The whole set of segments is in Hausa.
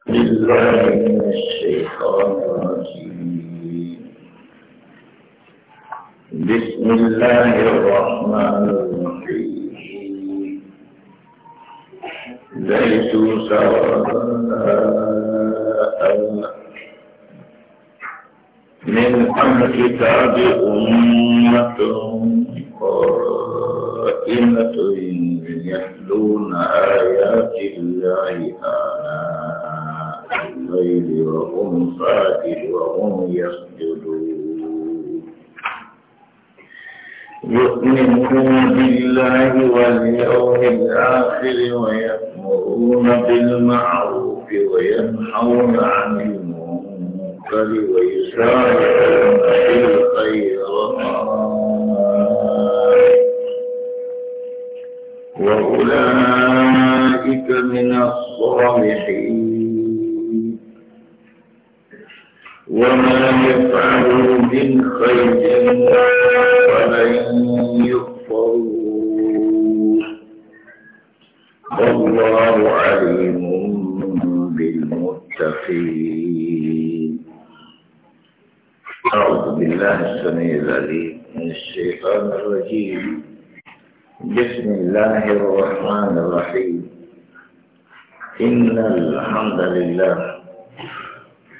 بسم الله الرحمن الرحيم ليسوا سواء من أهل كتاب أمة قائمة يتلون آيات الله آية الليل وهم فاتل وهم يسجدون يؤمنون بالله واليوم الآخر ويأمرون بالمعروف وينحون عن المنكر ويسارعون في الخيرات وأولئك من الصالحين وما يفعلوا من خير ولن يكفروا والله عليم بالمتقين أعوذ بالله السميع العليم من الشيطان الرجيم بسم الله الرحمن الرحيم إن الحمد لله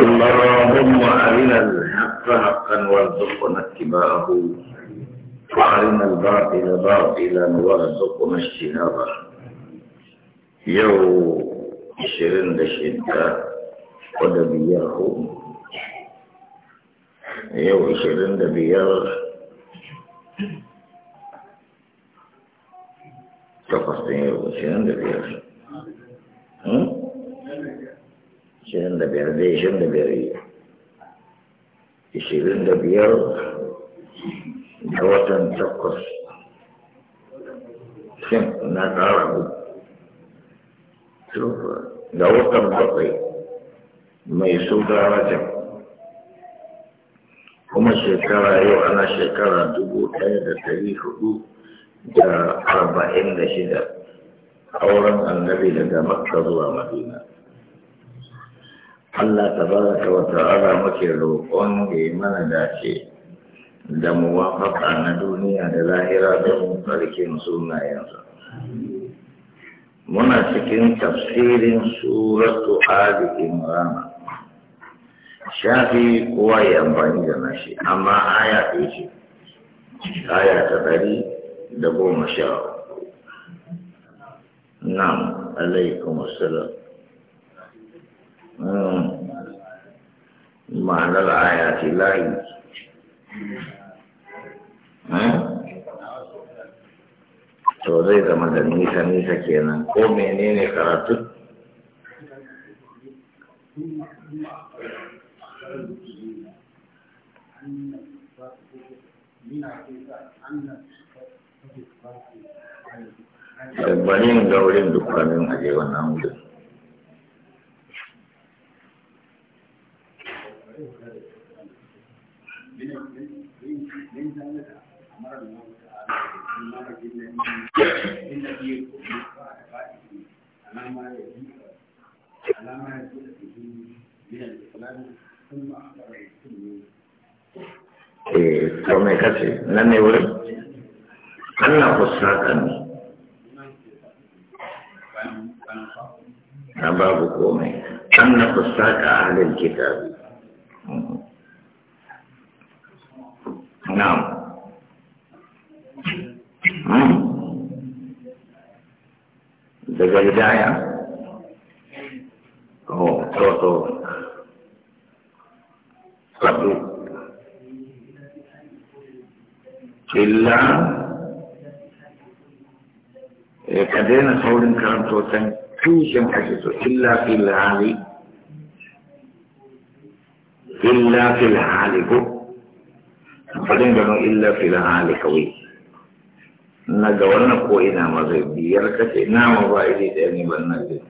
ثم اللهم أرنا الحق حقا وارزقنا اتباعه وأرنا الباطل باطلا وارزقنا اجتنابه يوم عشرين لشدة ودبياه يوم عشرين دبياه يوم عشرين دبياه 嗯。شيرين دبير دي شيرين دبير شيرين دبير دوتن تقص شن نتعرف شوف دوتن بقي ما يسود رجب kuma shekara yau ana shekara dubu ɗaya da ɗari hudu da arba'in da shida auren annabi daga makka zuwa madina Allah tabaraka wa ta'ala muke roƙon da ya mana dace da mu muwafaka na duniya da lahira mu farkin sunayensa. Muna cikin tafsirin suratu Ali Imran. Shafi kowa ya amfani da nashi, amma aya ɗaya ce, aya ta ɗari da goma sha. Nam, alaikum assalam. معنى hmm. الآيات لا to zai hmm? zama da nisa nisa kenan oh, ko menene karatu tabbarin gaurin dukkanin aje wannan wurin to eh, mai kace nan ne wurin Allah fusata ne na babu komai Allah fusata ahlul kitabi يحدث إلا في العالي إلا في العالي فلن يقول إلا في العالي قوي نجولنا كو إنا نعم مزيد بيركت نعم إنا مزايد إني بالنجد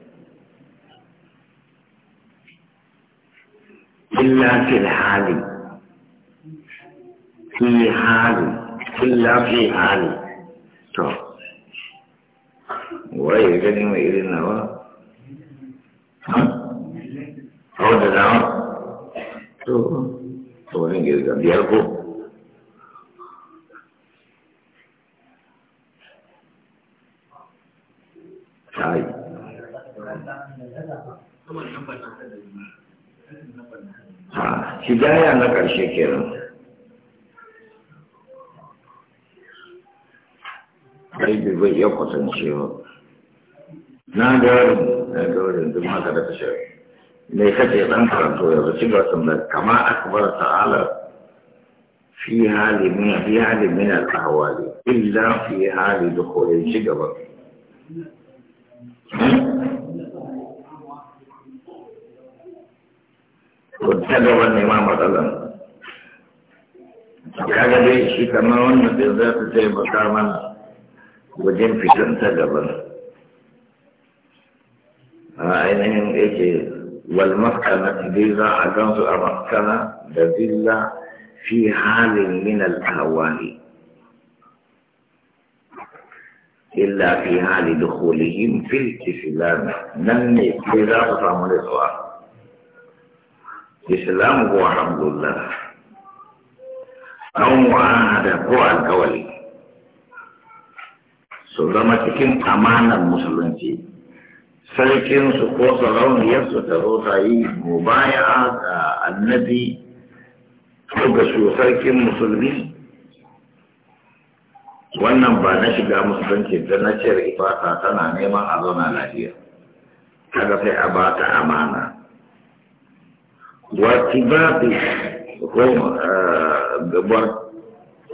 إلا في العالي في حالي إلا في حالي طب ورأي جنيم إلينا وراء Kau dah tahu? Tu, tu ni kita dia aku. Hai. hidayah nak kasih kira. Baik, baik, ya kusanci. na ga yaron na ga yaron duk maka da tashar ne kace dan karanto ya ba shiga sun da kama akbar ta'ala fi hali min fi hali min al-ahwali illa fi hali dukhuli shiga ba ko ta ga wannan ma matsalan kaga dai shi kamar wannan da za ta taimaka mana wajen fitan ta gaban ainihin yake والمسكنة ذلة أجنس المسكنة ذلة في حال من الأهوال إلا في حال دخولهم في الإسلام لم يكفر فمن الإسلام الإسلام هو الحمد لله أو معاهدة هو الكولي سلامة كم أمان المسلمين Sarkin su ko sarauniyarsu ta zo ta yi mubaya ga annabi ko ga su sarkin musulmi wannan ba na shiga musulunci da na da ifata tana neman a zauna lafiya kaga sai a ba ta amana wakibabi ko eh,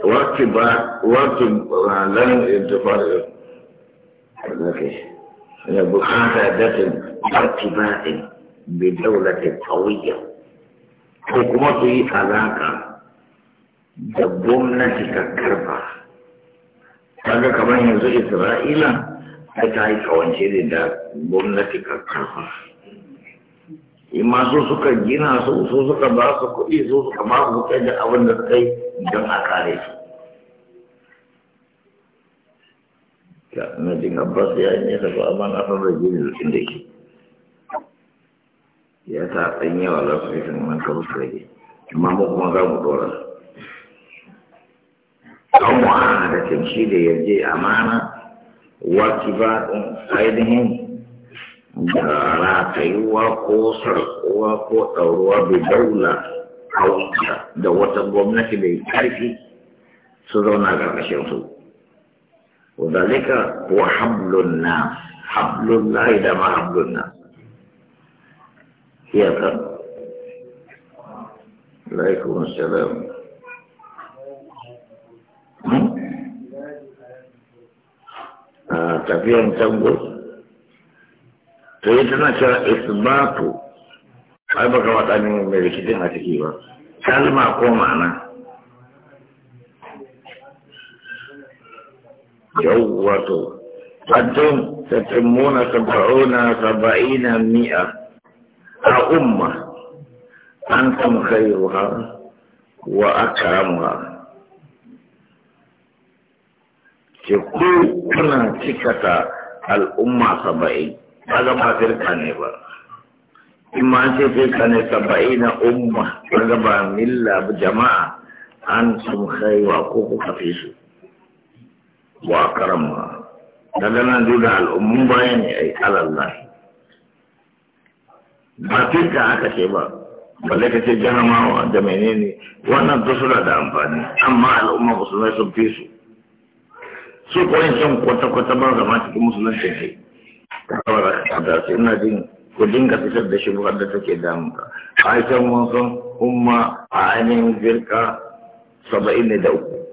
wakibabi wakibabi eh, lan intifar da ke بقاعدة ارتباط بدولة قوية حكومته علاقة da gwamnati ta karba kaga إسرائيل yanzu isra'ila ta ta yi kawance da gwamnati imma su suka gina su su suka ba su kuɗi su suka ba su kai da abin da suka yi don a kare su ya abbas ya yi nesa ba amma na san rage ne lokacin ya ta ɗan yawa lafafin nan karu su rage amma mu kuma za mu ɗora an wahala da tamshi da yarje amana waki ba ainihin da ratayuwa ko sarkuwa ko ɗauruwa bai daula da wata gwamnati mai ƙarfi su zauna ƙarƙashin su وذلك هو حبل الناس حبل الله إذا ما حبل الناس هي ترى عليكم السلام آه، تبي أن تنقل تريدنا إثبات أي بقى وقت أن يملك دي كلمة قوم معناه yawwato antum tatimuna sab'una sab'ina mi'a a umma antum khairuha wa akramuha ke ku kuna cikata al'umma saba'in kaga ba firka ne ba in ma ce firka ne na umma kaga ba milla jama'a an sun khaiwa ko kuka fi su wa karamma daga nan duk da al'ummun baya ne ai alallahi ba tinka aka ce ba balle ka ce jarumawa da menene wannan to suna da amfani amma al'umma musulmai sun fi su su kuwa can kwata-kwata ba zama cikin musulunci ne ta kawar da su ina jin ku dinga fitar da shi da take damuka a can wasan umma a ainihin girka saba'in da uku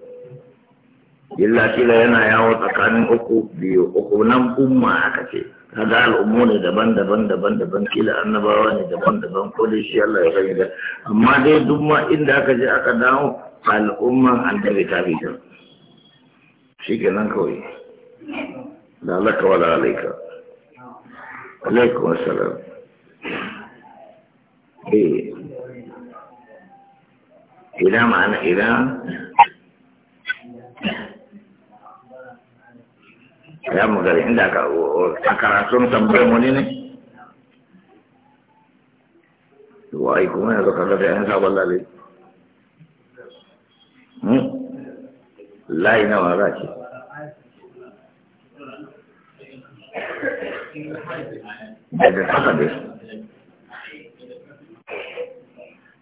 illa kila yana yawo tsakanin uku biyu uku nan umma aka ce kaga al'ummu ne daban-daban daban-daban kila annabawa ne daban-daban ko dai shi Allah ya sani da amma dai duk ma inda aka je aka dawo al'umman annabi ta bi shi kenan kawai da alaka wala alaika alaikum assalam eh ila ma'ana ila ya mu gari inda ka a karatun tambayar wani ne wai kuma yanzu ka gada yan sabon lalai hmm? layi nawa za ce daga haka dai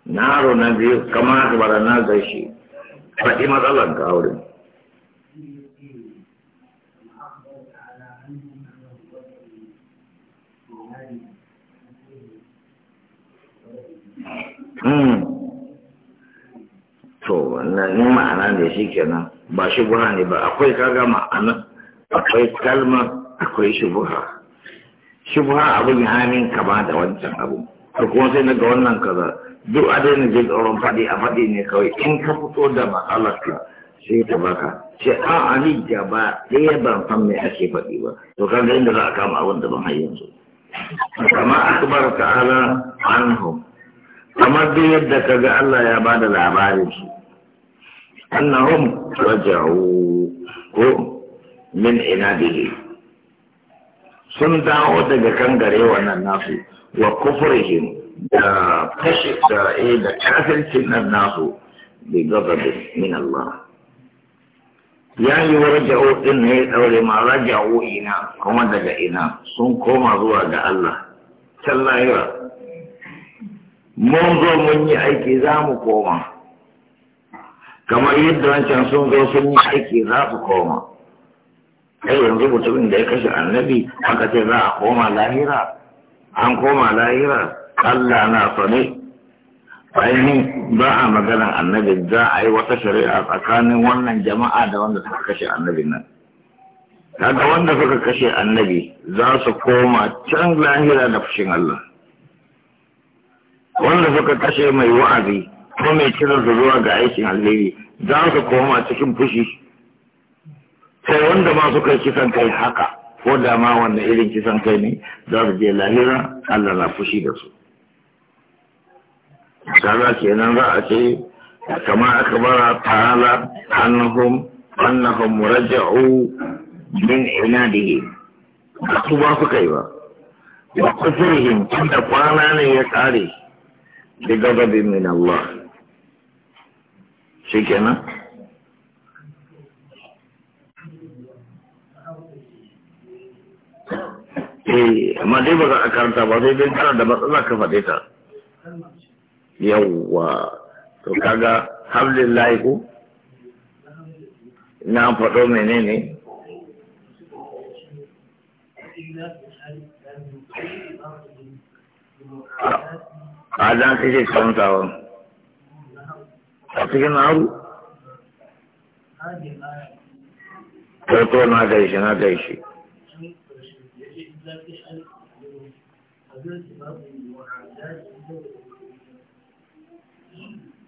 naro na biyu kamar da na gaishe faɗi matsalar ga aure. Hmm. to wannan in ma'ana ne shi kenan ba shi buha ne ba akwai kaga ma'ana akwai kalma akwai shi buha shi buha abin hannun kama da wancan abu har kuma sai na ga wannan kaza duk a na jin tsoron faɗi a faɗi ne kawai in ka fito da matsalarka sai ta baka sai a ali gaba ɗaya ban san me ake faɗi ba to kaga inda za a kama abin da ban har yanzu kama akbar ta'ala anhum kamar duk yadda ka ga Allah ya ba da labarin su annahum raja'u ko min inadihi sun dawo daga gare wannan nasu wa kufrihim da kashi da eh, da kafircin nan nasu bi gazabin min Allah ya yi wa raja'u din ne daure ma raja'u ina kuma daga ina sun koma zuwa ga Allah sallallahu mun zo mun yi aiki za mu koma kamar yadda wancan sun zo sun yi aiki za su koma ai yanzu mutumin da ya kashe annabi aka ce za a koma lahira an koma lahira Allah na sane ainihin ba a maganar annabi za a yi wata shari'a tsakanin wannan jama'a da wanda suka kashe annabi nan kaga wanda suka kashe annabi za su koma can lahira da fushin Allah wanda suka kashe mai wa'azi ko mai kiran su zuwa ga aikin alheri za su koma cikin fushi sai wanda ma suka kisan kai haka ko da ma wanda irin kisan kai ne za su je lahira Allah na fushi da su kaza kenan za a ce kama aka bara Tala annahum annahum Raja'u, min inadihi ba su ba su kai ba wa kufurihim tunda kwana ne ya kare بغضب من الله شيء كنا eh amma dai ba za a karanta ba sai dai da matsala ka faɗe ta yawwa to kaga hamdulillahi ko na faɗo a jan kashe karantawan a cikin haru to na gaishe na gaishe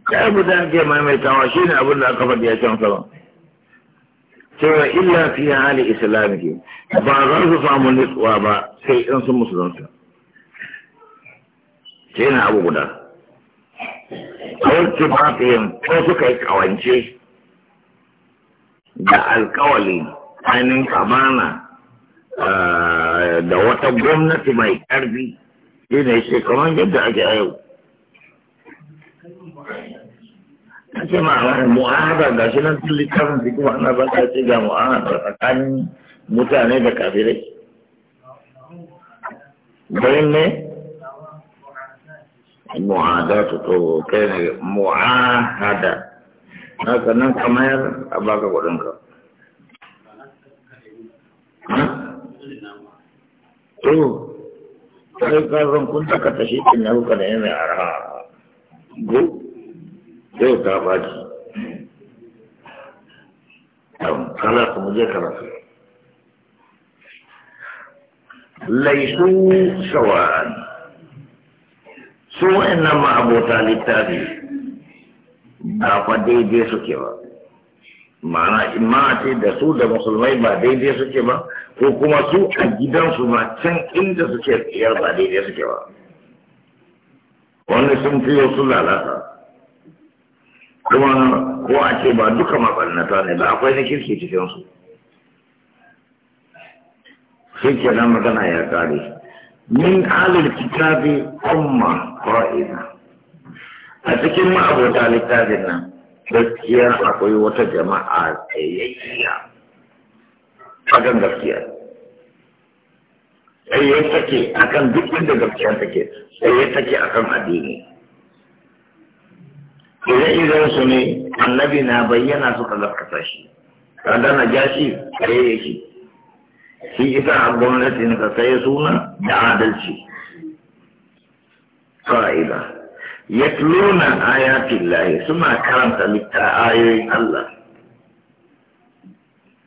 kai guda ke tawa shi ne abin da aka faɗi a can sama cewa illa fi hali islamihi ba za su samu nutsuwa ba sai in sun musulunta sai abu guda kawai ba su yin ko suka yi kawance da alkawali ainihin kamana. Eh, da wata gwamnati mai karfi shi ne shi kamar yadda ake a yau ta ce ma mu'ahada ga shi nan tun littafin su kuma ana ba ta ce ga mu'ahada tsakanin mutane da kafirai bayan ne mu'adatu to kai ne mu'ahada haka nan ka mayar a baka kuɗin ka to kai ka zan kun ta ka tashi kin na kuka da yana arha go sai ta baki kala kuma je karatu laisu sawa'an su wa'annan abota littafi ba fa daidai suke ba ma'ana imma ce da su da musulmai ba daidai suke ba ko kuma su a gidansu ma can inda suke tsayar ba daidai suke ba wani sun fiye su lalata kuma ko a ce ba duka maɓannata ne ba akwai na kirki cikinsu shi nan magana ya kare min alil kitabi umma qa'ina a cikin ma'abota littafin nan gaskiya akwai wata jama'a tsayayya akan gaskiya tsaye take akan duk inda gaskiya take tsaye take akan addini idan idan su ne annabi na bayyana suka gaskata shi kada na ja shi tsaye yake shi ita gwamnatin ka sai suna da adalci fa'ida yatluna ayatun laye suna karanta littafin ayoyin Allah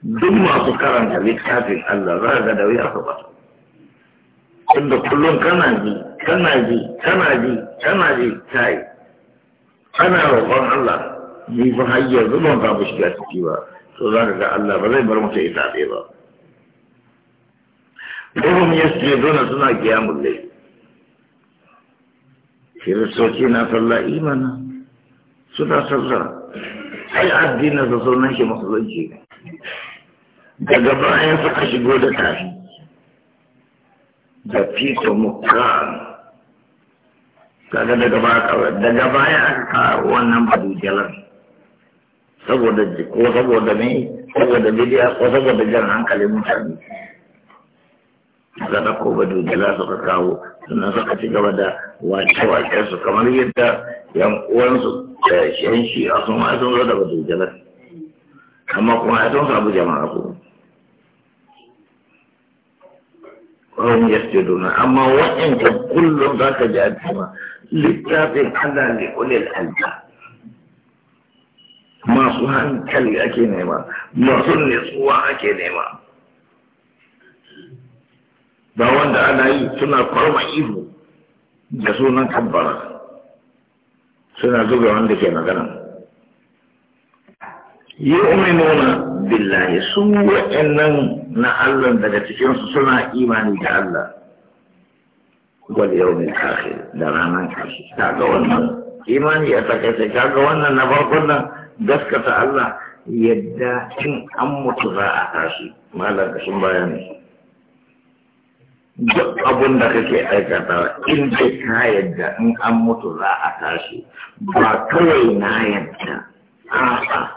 duk masu karanta littafin Allah za ga da wuya su ba inda kullum kana ji kana ji kana ji kana ji kai kana roƙon Allah ni ba har yanzu ban ba shiga ciki ba to za ka ga Allah ba zai bar mutum ita ba Domin yasjuduna suna qiyamul layl. Kiristoci na sallah imana suna sallah. Ai addinin sa sunan shi musulunci. Daga bayan suka shigo da tafi. Da fito mukka kaga daga baya daga baya aka kawo wannan badujalar saboda ko saboda ne saboda bidiya ko saboda jan hankalin mutane suka ɗauko su suka kawo sannan suka ci gaba da wace-wace su kamar yadda yan uwansu da yan shi a sun ma sun zo da badugala amma kuma ya sun samu jama'a ko kawai ya ce dona amma waɗanda kullum za ka ji alfima littafin allah ne ulil alba masu hankali ake nema masu nutsuwa ake nema ba wanda ana yi suna kwarma ihu da sunan kabbara suna zuga wanda ke magana Yi yu'minuna billahi su wa'annan na Allah daga cikin suna imani da Allah wal yawmil akhir da ranar kashi kaga wannan imani ya takaita sai kaga wannan na farkon nan gaskata Allah yadda in an mutu za a tashi malam sun bayani duk abin da kake aikata in dai ka yadda in an mutu za a tashi ba kawai na yadda a'a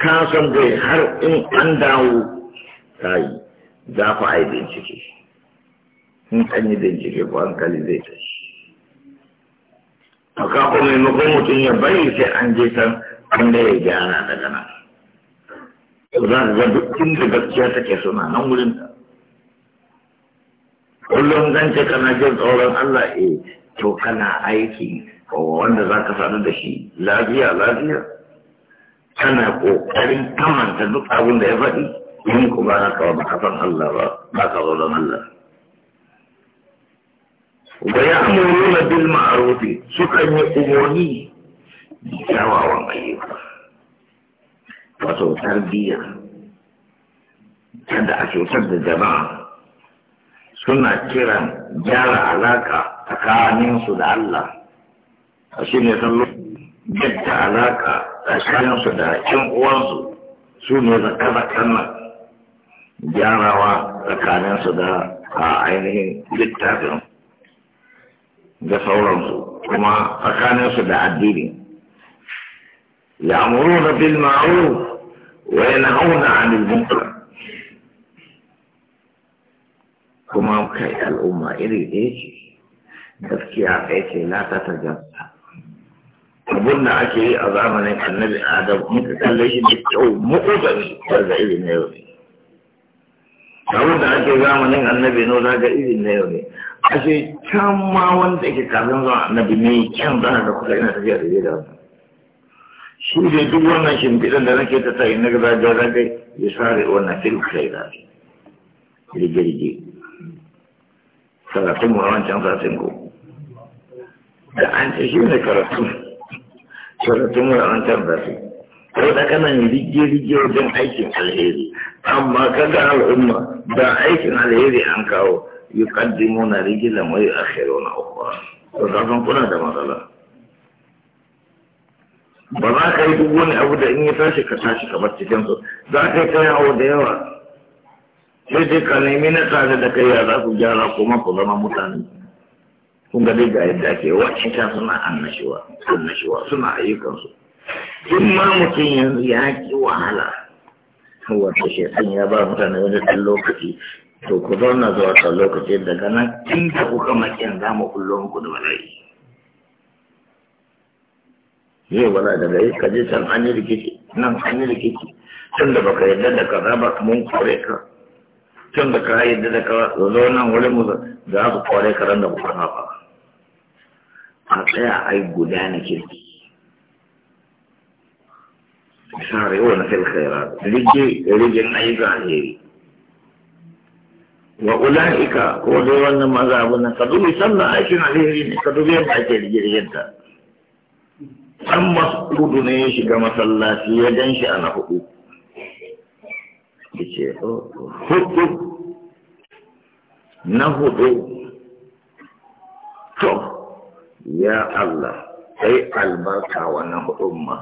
ka san dai har in an dawo ta yi za ku a yi bincike in an yi bincike ko hankali zai tashi a kafa maimakon mutum ya bari sai an je san wanda ya gyara daga nan za ga duk inda gaskiya take suna nan wurin ta kullum zan ce kana jin tsoron Allah eh to kana aiki wanda za ka sadu da shi lafiya lafiya kana ƙoƙarin kamanta duk abin da ya faɗi yin ku ba haka ba ka san Allah ba ba ka tsoron Allah wa ya'muruna bil ma'ruf sukan yi umurni kyawawan ayyuka wato tarbiyya kada a cutar da jama'a suna kiran gyara alaka tsakaninsu da Allah a shi ne sallo yadda alaka tsakaninsu da ƴan uwansu su ne zaka nan gyarawa tsakaninsu da a ainihin littafin da sauransu kuma tsakaninsu da addini ya'muruna bil ma'ruf wa yanhauna 'anil munkar kuma kai al'umma iri ɗaya ce gaskiya ɗaya ce la ta tarjanta abun da ake yi a zamanin annabi adam muka kalle shi da kyau mu'udani daga iri na yau ne abun da ake zamanin annabi no daga iri na yau ne ashe can ma wanda yake kafin zuwa annabi ne kyan zana da kusa ina tafiya da da wannan shi ne duk wannan shimfiɗan da nake ta tayi na gaba da ragai ya sare wannan filin kai da rige-rige karatun mu a wancan satin ko da an ce shi ne karatun karatun mu a wancan satin ko da kana rige-rige wajen aikin alheri amma kaga al'umma da aikin alheri an kawo yi kaddimu na rigilan wai a shairu na ukuwa to zafin kuna da matsala ba za ka yi duk wani abu da in yi tashi ka tashi kamar cikinsu za ka yi abu da yawa sai dai ka nemi na tare da kai ya za ku gyara kuma ku zama mutane kun ga dai ga yadda ake wa'ancan suna annashuwa annashuwa suna ayyukansu in ma mutum yanzu ya ki wahala wata shekun ya ba mutane wani ɗan lokaci to ku zauna zuwa ta lokaci daga nan tun da kuka makin za mu kullum ku da bala'i zai wala daga yi ka je can an yi rikici nan an yi rikici tun da baka yarda da kaza ba mun kore ka tun da ka yadda da ka zo nan wurin mu za su kware karen da kuka hafa a tsaya yi guda na kirki sare wa na filkhaira rige rigin ayyuka alheri wa ula'ika ko dai wannan maza abu na ka dubi sannan aikin alheri ne ka dubi yadda ake rigirgin ta an mas'udu ne ya shiga masallaci ya gan shi na hudu yace oh, oh. hudu na hudu to ya Allah sai albarka wannan hudun ma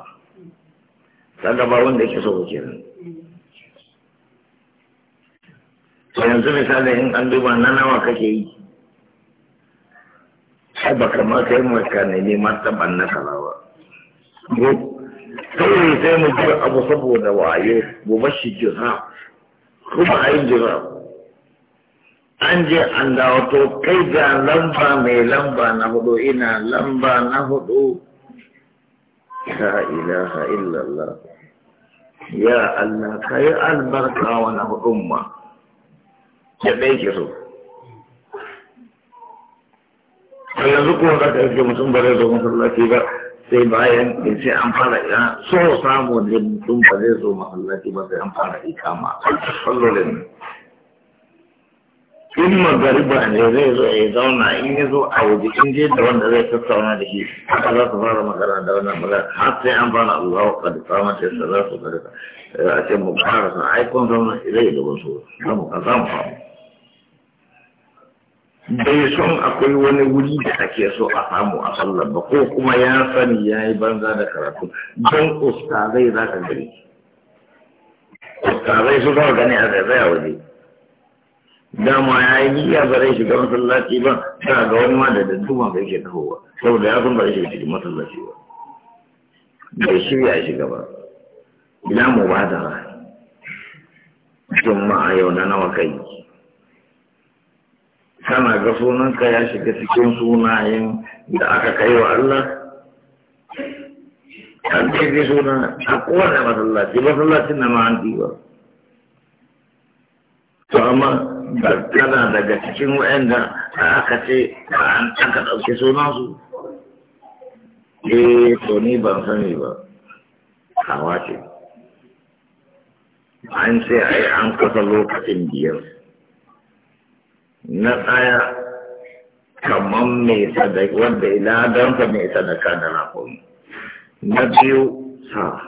kaga ba wanda yake so kenan to yanzu misali in an duba na nawa kake yi sai ba kamar kai mai ka nemi ban na kalawa. kawai sai mu bar abu saboda waye mu bar shi jira kuma a yi jira an je an dawo to kai ga lamba mai lamba na hudu ina lamba na hudu la ilaha illallah ya Allah ka yi albarka wani hudun ma ya ɗaya ke so a yanzu kuma za ka yi mutum bare zai zo masallaci ba sai bayan sai an fara ya so samu da mutum ba zai zo masallaci ba sai an fara ikama sallolin in magariba ne zai zo ya zauna in ya zo a waje in je da wanda zai tattauna da shi haka za su fara magana da wannan magana har sai an fara Allah wa kadi fama ta yadda za su karika eh, a ce mu fara sa aikon zauna zai da wasu za mu ka zama famu bai son akwai wani wuri da ake so a samu a sallar ba ko kuma ya sani ya yi banza da karatu don ustazai za ka gani ustazai su zama gani a zai a waje dama ya yi niyya ba zai shiga masallaci ba ta ga wani ma da dadduban ba ke tahowa saboda ya san ba zai shiga cikin masallaci ba bai shirya shiga ba ina mu ba da juma'a yau na nawa kai kana ga sunanka ya shiga cikin sunayen da aka kai wa Allah an ce suna a kowane masallaci masallacin na ma an ba to amma kana daga cikin wa'anda aka ce an aka ɗauki sunansu eh to ni ban sani ba hawa ce an ce yi an kasa lokacin biyar na tsaya kamar mai sadaka wanda ka mai sadaka da rakumi na biyu sa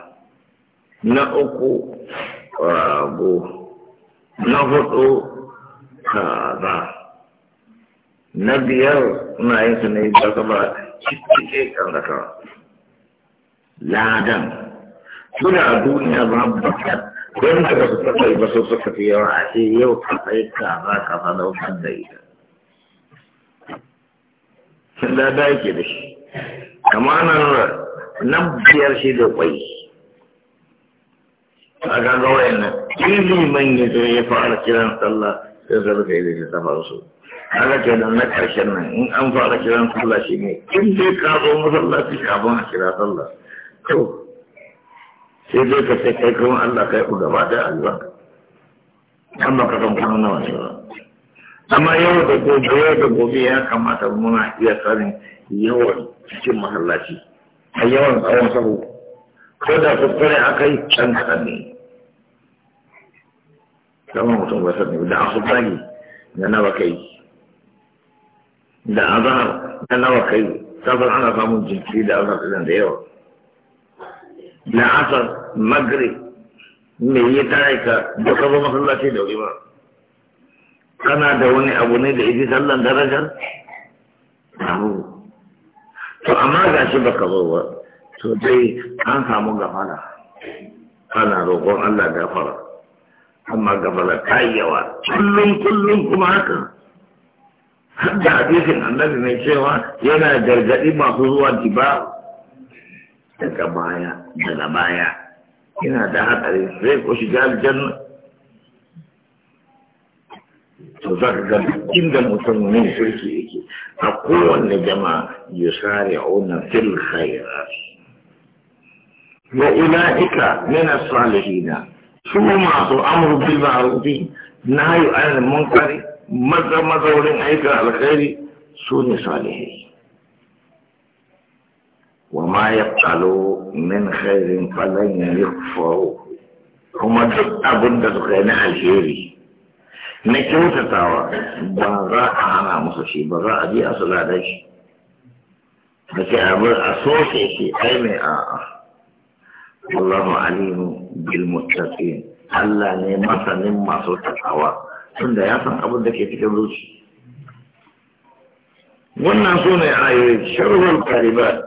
na uku rago na hudu kaza na biyar na yin su ne da kaba cike kan ladan suna a duniya babu bakar don da ba su taɓa yi ba su suka fi yawa a ce yau ka kai kaza ka fa daukar da ita da da yake da shi kamanan nan biyar shi da kwai a ga wayan nan ili man ya zo ya fara kiran sallah sai zai ka yi da ta faru su haka ke nan na karshen nan in an fara kiran sallah shi ne in dai ka zo masallaci kafin a kira sallah to sai zai ka sai kai kawai Allah kai ku gaba da Allah amma ka san kuma nawa ne ba amma yau da gobe yau da gobe ya kamata muna iya sanin yawan cikin masallaci a yawan tsawon sahu ko da kuskure aka yi can kaɗan ne kama mutum ba sani da asu bagi da nawa kai da azahar da nawa kai sabon ana samun jinkiri da azahar da yawa asar magre me ya tare ka da ka masallaci da wuri ba kana da wani abu ne da iji sallan darajar abu to amma ga shi ba ka ba to dai an samu gafara ana roƙon Allah gafara amma gafara ta yi yawa kullum kullum kuma haka har da hadisin annabi mai cewa yana gargaɗi masu zuwa dibar daga baya daga baya yana da hatsari sai ko shiga aljanna to za ka ga inda mutum ne kirki yake a kowanne jama'a yusari auna fil khairat wa ulaika min as-salihin su masu amru bil ma'ruf nahyu anil munkari maza mazaurin aika alkhairi su ne salihai وما يفعلوا من خير فلن يغفروا هما دوك ابن دوك غينا الجيري نكيو تتاوى بغاء انا مخشي بغاء دي اصلا داش لكن ابن اصوصي شي اي من الله عليم بالمتقين الله نعمة نعمة تتاوى ثم دا يصنع ابن دوك يتكبروش ونحن سنة آية شر الكاربات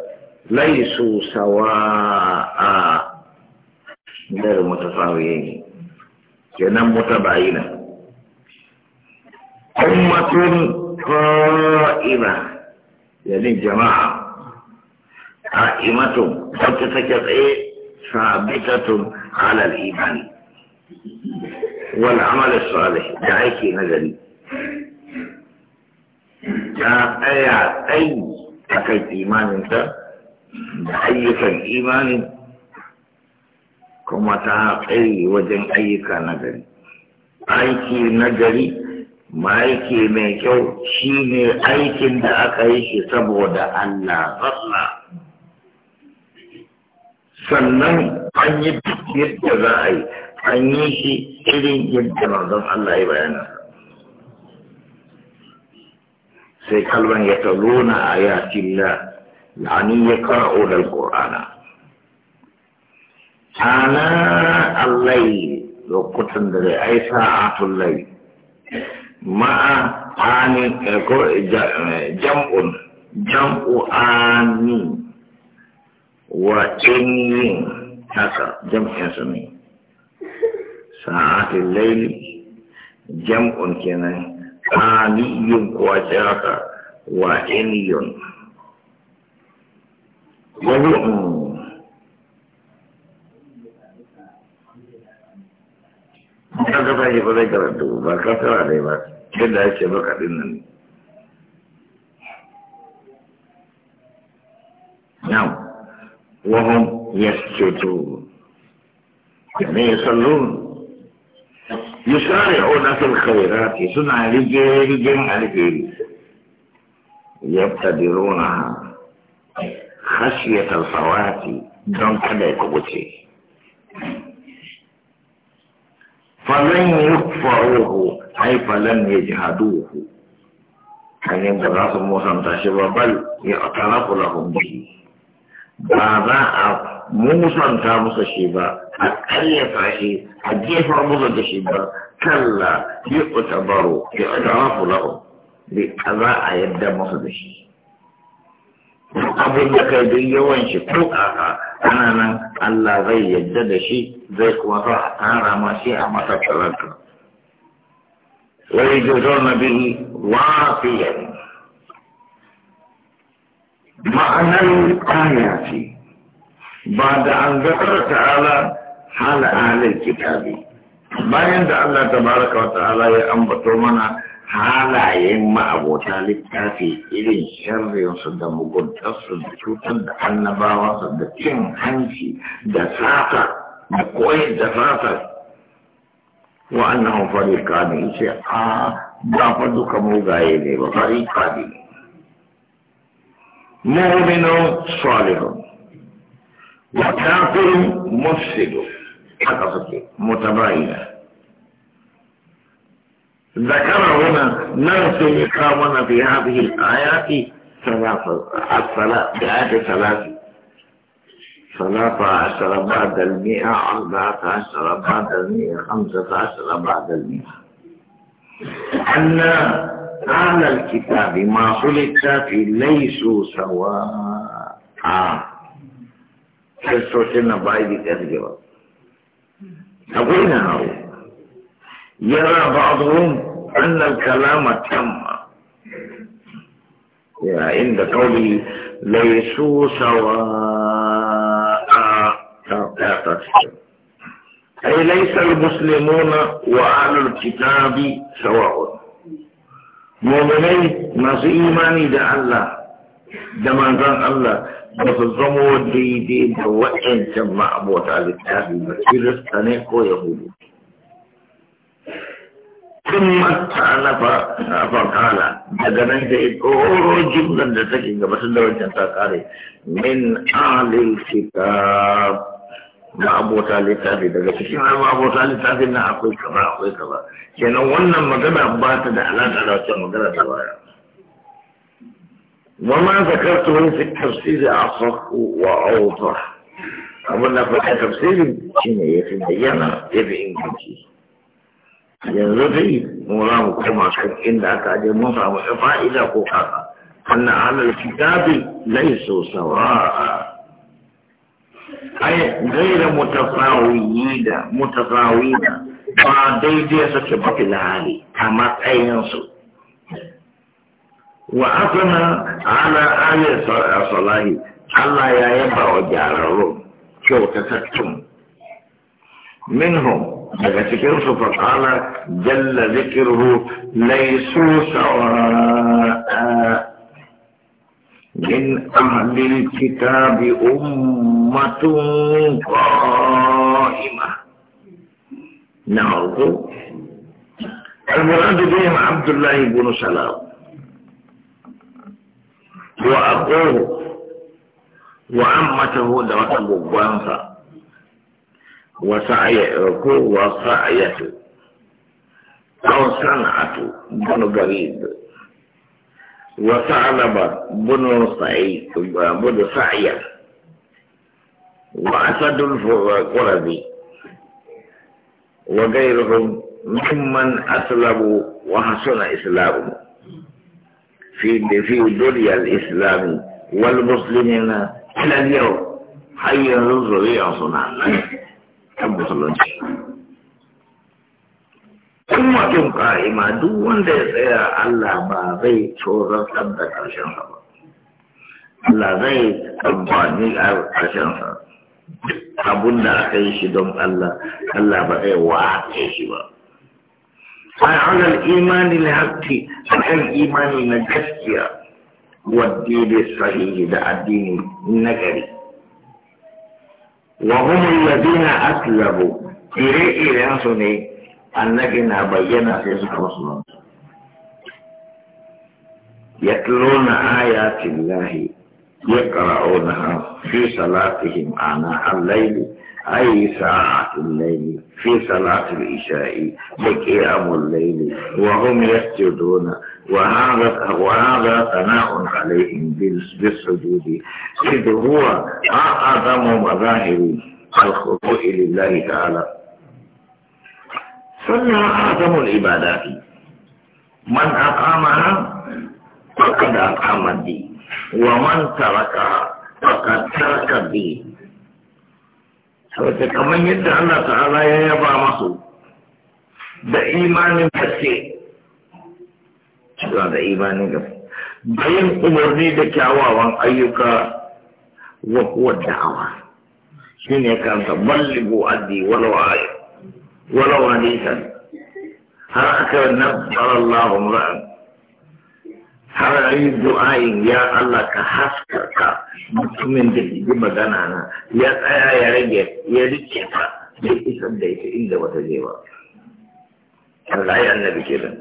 laisu sawa'a dari mutafawiyin kenan mutaba'ina ummatun qa'ima yani jama'a qa'imatun wacce take tsaye sabitatun ala al-iman wal amal salih da aiki nagari ta tsaya tsayi akan imaninta ta da ayyukan imani kuma ta tsaye wajen ayyuka na gari aiki na gari ma'aiki mai kyau shi ne aikin da aka yi shi saboda Allah Allah sannan an yi yadda za a yi an yi shi irin yadda manzon Allah ya bayana sai kalban ya talona a yakin yani ya karo da alƙur'ana sana allai lokutan da zai aisa a tullai ma'a hani ko jam'un jam'u'ani wa cinyin haka jam'in su ne sa'atin laili jam'un kenan ƙaniyin kuwa tsaka wa cinyin wani ɗan kasa shi ba zai karatu ba kasara dai ba yadda ake baka ɗin nan yau wahun ya ceto ne ya sallu yusari'una fil khairati suna rige rigen alheri yabtadiruna ya fawati don kada ku wuce fa lan yufaruhu ay fa lan yajhaduhu kan yin da su mu shi babal ya atara ku lahum ba za a musanta san ta musu shi ba a kariya ta a gefa musu da kalla yi ku tabaru ya atara ku lahum za a yadda musu da abin da kai duk yawan shi ko kaka ana nan Allah zai yadda da shi zai kuma sa a tara ma shi a masa talaka wai jozon na bihi wafiyan ma'anar aya ce ba da an zakar ta'ala hala alil kitabi bayan da Allah tabaraka wa ta'ala ya ambato mana halayen ma'abota littafi irin sharrinsu da muguntarsu da cutar da annabawansu da cin hanci da sata da koyar da sata wa annahum fariqa ne ce a ba fa duka mugaye ne ba fariqa ne mu'minu salihun wa kafirun mufsidun haka suke mutabayina ذكر هنا نفس إكرامنا في هذه الآيات ثلاثة الصلاة بآيات ثلاثة ثلاثة عشر بعد المئة أربعة عشر بعد المئة خمسة عشر بعد المئة أن أهل الكتاب ما خلق في ليسوا سواء كالسوشن بايدي كالجواب أقول يرى بعضهم أن الكلام تم يا عند قولي ليسوا سواء أي ليس المسلمون وأهل الكتاب سواء مؤمنين ما إيماني الله ده من الله ba su zamo daidai da waɗancan ma'abota littafi ba kirista ne ثم استأنف فقال دغنا كورو جملة تكي بس لو جنتا قال من آل الكتاب ما أبو طالب تابي daga cikin ma Abu Talib tabi na akwai kaza akwai kaza kenan wannan magana ba ta da alaƙa da wata magana ta وما ذكرته في التفسير أصح وأوضح أما في التفسير شنو يفي بيانا يفي إنجليزي yanzu dai mu za mu koma kan inda aka aje mun samu fa'ida ko kaka anna alal kitabi laysu sawa'a ai gaira mutasawiyida da ba daidai suke ba filali a matsayinsu wa asana ala salahi Allah ya yaba wa gyararru kyautatattun minhum حاجات كده فقال جل ذكره ليسوا سواء من اهل الكتاب امه قائمه نعرف المراد بهم عبد الله بن سلام واخوه وعمته دوله بوانفا وسعي وسعية أو صنعة بن بريد وثعلبة بن سعيد بن سعية وأسد القرظي وغيرهم ممن أسلموا وحسن إسلامهم في في دنيا الإسلام والمسلمين إلى اليوم حي الرزق صنع kan musulunci kuma kin ƙa'ima duk wanda ya tsaya Allah ba zai tsoron da ƙarshen ba Allah zai amfani a ƙarshen sa da aka yi shi don Allah Allah ba zai wace shi ba ai alal imani na hakki akan imani na gaskiya wadda da sahihi da addini na gari wa humul ladina aslabu ire-iren ne annabi na bayyana sai suka musulunta يتلون آيات الله يقرؤونها في صلاتهم آناء الليل أي ساعة الليل في صلاة العشاء وقيام الليل وهم يسجدون وهذا وهذا ثناء عليهم بالسجود إذ هو أعظم مظاهر الخضوع لله تعالى صلى أعظم العبادات من أقامها فقد أقام الدين ومن تركها فقد ترك الدين saboda kamar yadda Allah ta'ala ya yaba masu da imanin gaske cewa da imanin gaske bayan umarni da kyawawan ayyuka wa kuwa da'awa shi ne kanta mallibu addi walawa nisan har aka na Allah umra'an har yi du'ayin ya Allah ka haska mutumin da ke magana na ya tsaya ya rage ya rike ta ya isar da ita inda wata je ba Allah ya annabi kenan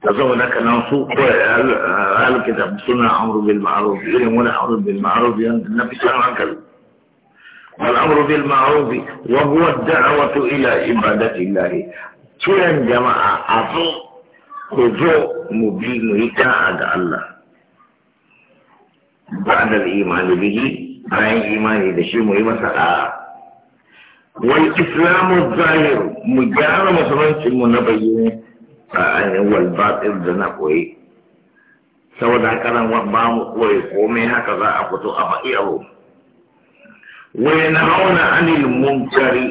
تزوج لك نوصو قال كده سنة أمر بالمعروف إيه ولا أمر بالمعروف النبي صلى الله عليه وسلم والأمر بالمعروف وهو الدعوة إلى عبادة الله كلا جماعة أفو خذوا مبين إتاعة الله ba'da al-imani bihi bayan imani da shi mu yi masa da wa al-islamu zahir mu gyara masalanci mu na bayyane a ayi wal ba'id da na koyi Ta karan wa ba mu koyi ko haka za a fito a ba'i abu wa yanhauna 'anil gari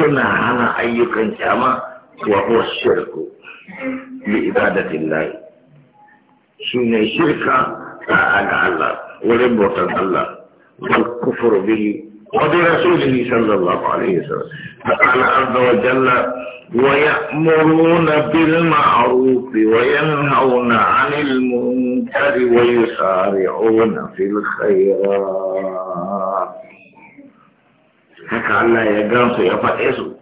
suna hana ayyukan jama wa washirku li ibadati llahi shine shirka ta ala Allah ولم بوتن الله والكفر به وبرسوله صلى الله عليه وسلم فقال عز وجل ويأمرون بالمعروف وينهون عن المنكر ويسارعون في الخيرات هكا الله يا فائزو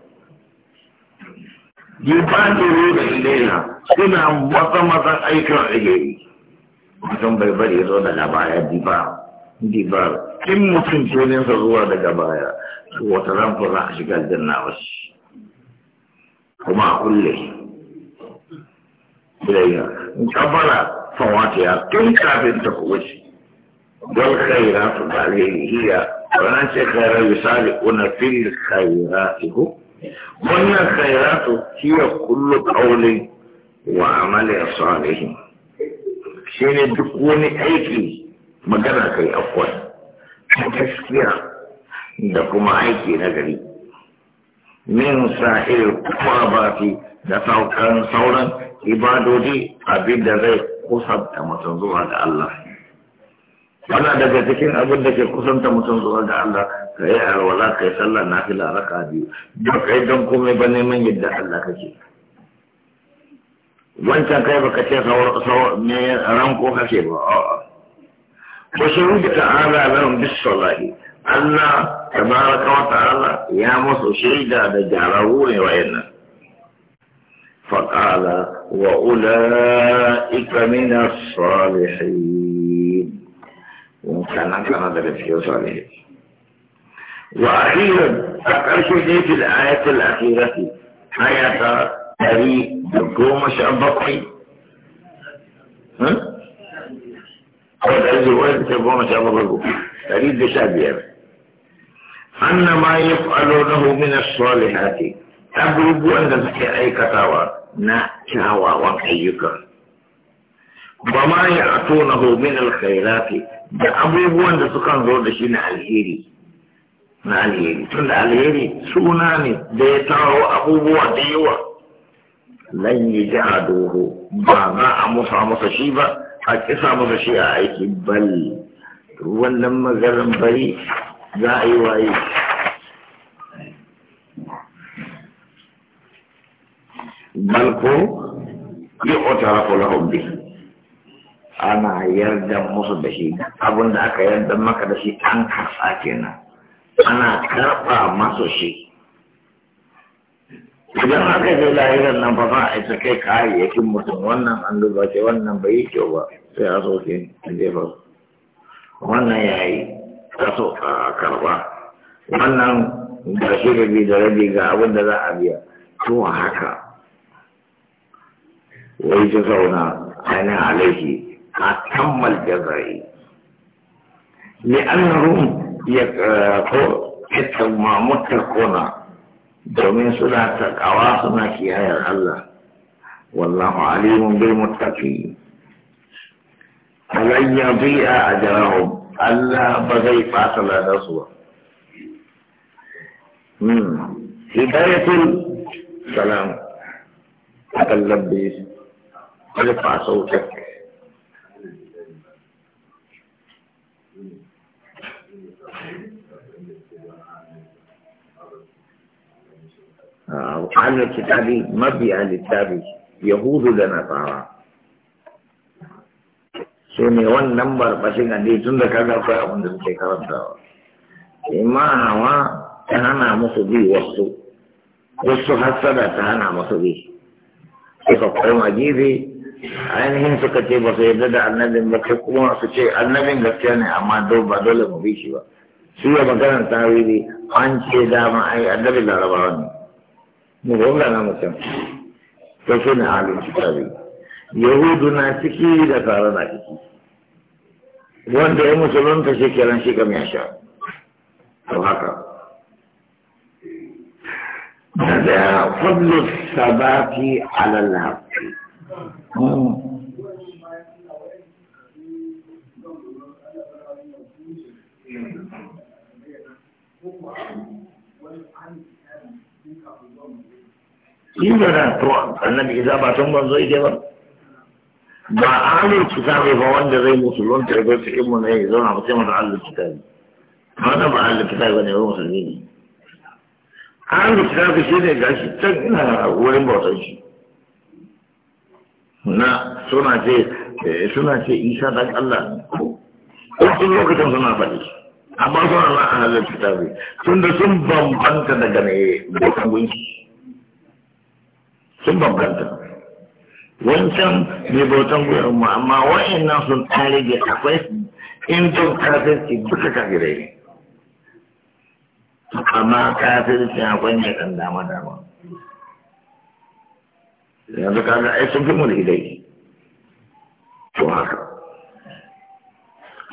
يبادرون إلينا سنة مطمطا أيكا إليه mutum bai bari ya zo daga baya diba diba in mutum sa zuwa daga baya to wata ranfa za a shiga aljanna wasu kuma a kulle ilayya kafara ya tun kafin ta kuwaci don kaira khairatu da hiya wannan ce kaira misali, una fil kaira ko wannan su hiya kullu aure wa amalin salihin shi ne duk wani aiki magana kai akwai ta gaskiya da kuma aiki na gari min sa'il kwabati da saukan sauran ibadodi abin da zai kusanta mutum zuwa ga Allah wannan daga cikin abin da ke kusanta mutum zuwa ga Allah ka yi alwala ka yi na nafila raka biyu duk kai don komai ba neman yadda Allah kake wancan kai baka ce ne ranko kake ba a'a wasu da ta'ala lahum bisalahi Allah tabaraka wa ta'ala ya musu shaida da jararu ne wayannan فقال وأولئك من الصالحين وكان كان ذلك في صالحين وأخيرا أكرش في الآية الأخيرة حياة طريق الحكومة شعب بطحي ها؟ أول عز الوالد الحكومة شعب بطحي تريد بشعب يعني أن ما يفعلونه من الصالحات تبرب أن تفكي أي كتاوى نا كاوى وحيك وما يعطونه من الخيرات تبرب أن تفكي زود شيء نا الهيري نا الهيري تند الهيري سوناني ديتاو أبو بوا ديوا lan yi dogo. ba za a musa masa shi ba a kisa masa shi a aiki bal wannan magaran bari za a yi waye balko yi otara kula hobbi ana yarda musu da shi abinda aka yarda maka da shi an karsa kenan ana karɓa masu shi idan aka je lahirar nan fa fa a kai kayayyakin mutum wannan an duba ce wannan bai yi kyau ba sai a soke a jefa wannan ya yi a so a karba wannan ba shi rabi da rabi ga abin da za a biya to haka wai ta zauna ana alaiki a kammal jazari li annahum ya ko ita ma kona. domin suna takawa suna kiyayar Allah wallahu alimun bil muttaqi alan yadhi'a ajrahum Allah ba zai fata ladan su ba hmm hidayatul salam akan labbi alfa sautak Ana kitabi mabiya littabi Yahudu da Nasara. Su ne wannan barbashin ɗan tun da ka zafi abinda suke karantawa. Ima hawa ta hana musu bi wasu, wasu hassada ta hana musu bi. Suka kwaima gizi, ainihin suka ce ba su yadda da annabin ba ce kuma su ce annabin gaskiya ne amma ba dole mu bi shi ba. Su yi magana ta wuri an ce dama ai annabin larabawa ne. Mugunga na mutum. Ta su ne halin kitabi. Yahudu na ciki da tare na ciki. Wanda ya musulunta shi kiran shi kam ya sha. To haka. Da fadlu sabati ala lafi. Thank you. inda na to annabi idan ba tun ban zo ba ba ba ahlul mai ba wanda zai musulunta ya bar su imu ne yi zauna ba sai masa ahlul kitabi wanda ba halin kitabi ba ne ba musulmi ne ahlul kitabi shi ne gashi can ina wurin bautar shi na suna ce eh, suna ce isa dan Allah ko sun lokacin suna faɗi amma suna na ba kitabi da sun bambanta daga ne bukan gunki sun bambanta wancan mai bautan gwiwar mu amma nan sun da akwai in don kafirci duka kafirai ne amma kafirci akwai mai ɗan dama dama yanzu kaga ai sun fi mulki dai to haka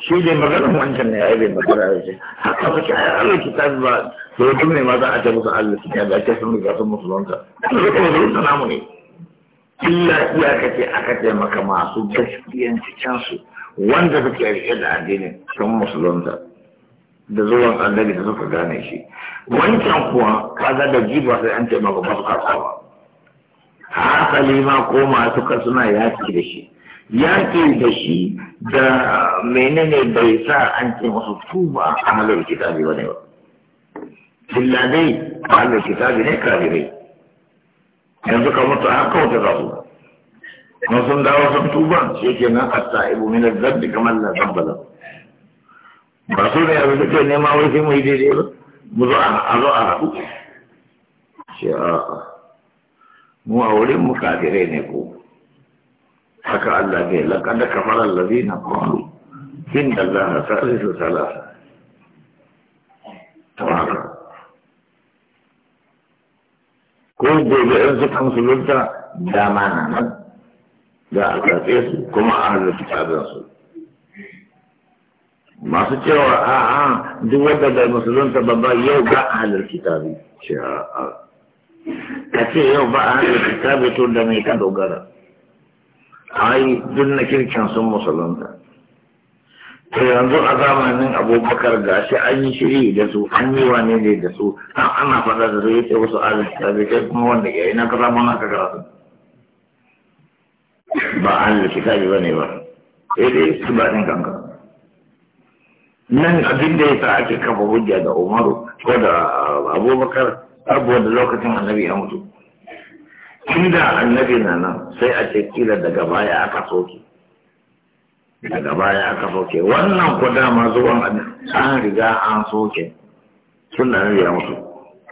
shi ne maganar wancan ne ai bai magana ya ce haka suke ai Allah ta ba to duk ne ma za a ce musu Allah kitabi a ce sun riga sun musulunta suka musulunta namu ne illa iyaka ce aka ce maka masu gaskiyan cikin wanda suke riƙe da addinin sun musulunta da zuwan annabi da suka gane shi wancan kuwa kaga da jiba sai an ce maka ba su ba hasali ma ko masu suna yaki da shi yaƙi da shi da menene bai sa an ce masu su ba a halar kitabi ba ne ba illa dai a halar kitabi ne kafirai yanzu ka mutu a kawata za su kuma sun dawo sun tuba shi ke nan hatta ibu min zabbi kamar la zabbala ba su ne yanzu suke nema wai sai mu yi daidai ba mu zo a zo a haɗu shi a'a mu a wurin mu kafirai ne ko haka Allah ke laƙar da kamar allazi na kwallo inda za a salisu salasa ta haka ko gobe in su kan sulunta dama na nan za a katse su kuma a halittu tsadar su masu cewa a'a duk wanda bai musulunta babba yau ba a halar kitabi ce a'a ka ce yau ba a halar kitabi to da mai ka dogara ai duk na kirkin sun musulunta to yanzu a zamanin abubakar ga shi an yi shiri da su an yi wane ne da su an ana faɗa da zai ce wasu alistabi kai kuma wanda ya yi na kaza mana ka karatu ba an likitabi ba ne eh, ba sai dai su ba ɗin kanka nan abin da ya sa ake kafa hujja da umaru ko da abubakar da lokacin annabi ya mutu inda annabi na nan sai a ce kila daga baya aka soke daga baya aka soke wannan ku dama zuwan an riga an soke sun da ya mutu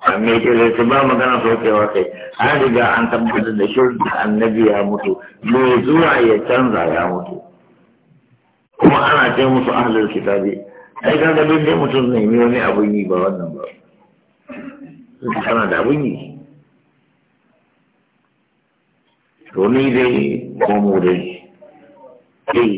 amma me ke su ba magana sokewa kai an riga an tabbatar da shirin da annabi ya mutu mai zuwa ya canza ya mutu kuma ana ce musu ahalar kitabi ai kaga dai mutum ne mai wani abun yi ba wannan ba kana da abun yi to ni dai ko mu dai eh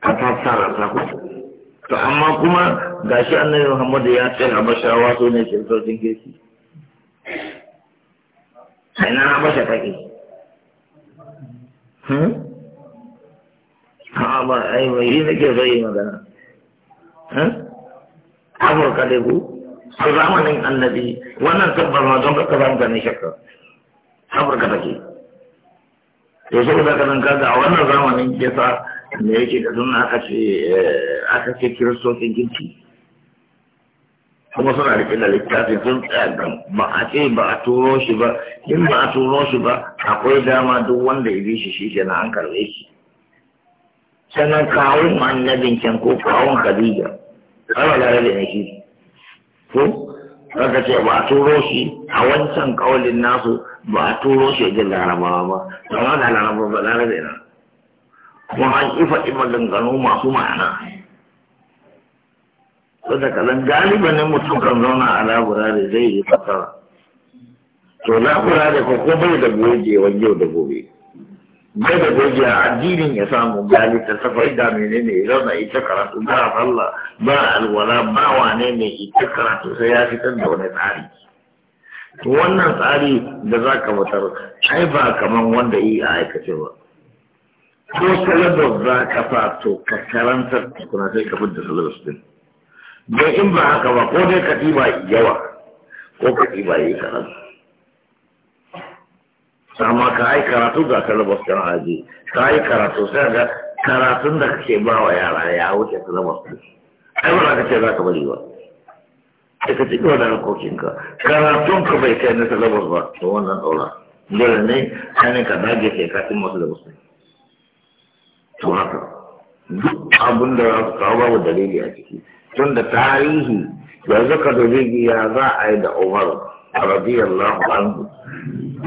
ta to amma kuma gashi annabi Muhammad ya ce Habashawa su ne kirtocin kirki sai na Habasha take hmm a ba ai mai yi nake zai yi magana amurka dai ku a zamanin annabi wannan tabbar ma don ka samu ne shakka amurka take to saboda ka nan kaga a wannan zamanin kesa me yake da sun aka ce eh, aka ce kiristocin ginci kuma suna rike da littafin sun tsaya ba a ce ba a turo shi ba in ba a turo shi ba akwai dama duk wanda ya bi shi shi kenan an karbe shi sannan kawun annabin can ko kawun Khadija kawai da ne ko kaga ce ba a turo shi a wancan kawalin nasu ba a turo shi ga larabawa ba amma da larabawa ba larabe na kuma an ifa ima gangano masu ma'ana wanda kalan galiban ne mutum kan zauna a labura da zai yi fasara to labura da ko bai da gogewan yau da gobe bai da jiya, addinin ya samu ta littattafai da mene ne zauna ita karatu ba sallah ba alwala ba wane ne ita karatu sai ya fitar da wani tsari wannan tsari da za ka fitar ai ba kamar wanda yi a aikace ba ko salabar za ka fa to ka karanta kuna sai ka fitar salabar din don in ba haka ba ko dai ka ɗiba yawa ko ka ɗiba yi karatu amma ka yi karatu ga talabas kan aji ka yi karatu sai ga karatun da kake ba wa yara ya wuce su ai ba ka ce za ka bari ba sai ka cika wani harkokinka karatun ka bai kai na talabas ba to wannan ɗaura dole ne hannun ka dage ke ka cin masu da musu to haka duk abin da za ka kawo babu dalili a ciki tun da tarihi yanzu ka dubi ya za a yi da umar radiyallahu anhu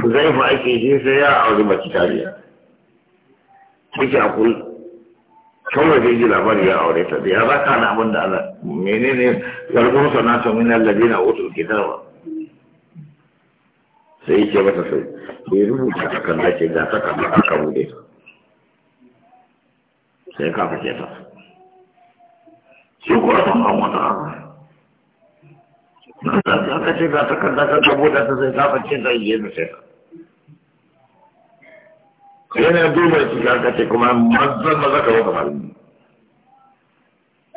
zai fa ake shi sai ya auri mace tariya take akwai kan waje ji labari ya aure ta da ya ka na abin da mene menene zargon sana ta min allazi na wutu kitaba sai yake mata sai ya rubuta a kan dace ga ta kan aka bude sai ka ke ta shi ko san an wata aka ce ga takarda ka kabuta ta sai ta fice ta yi na sai ta yana duba shi aka ce kuma mazan maza ka wata malami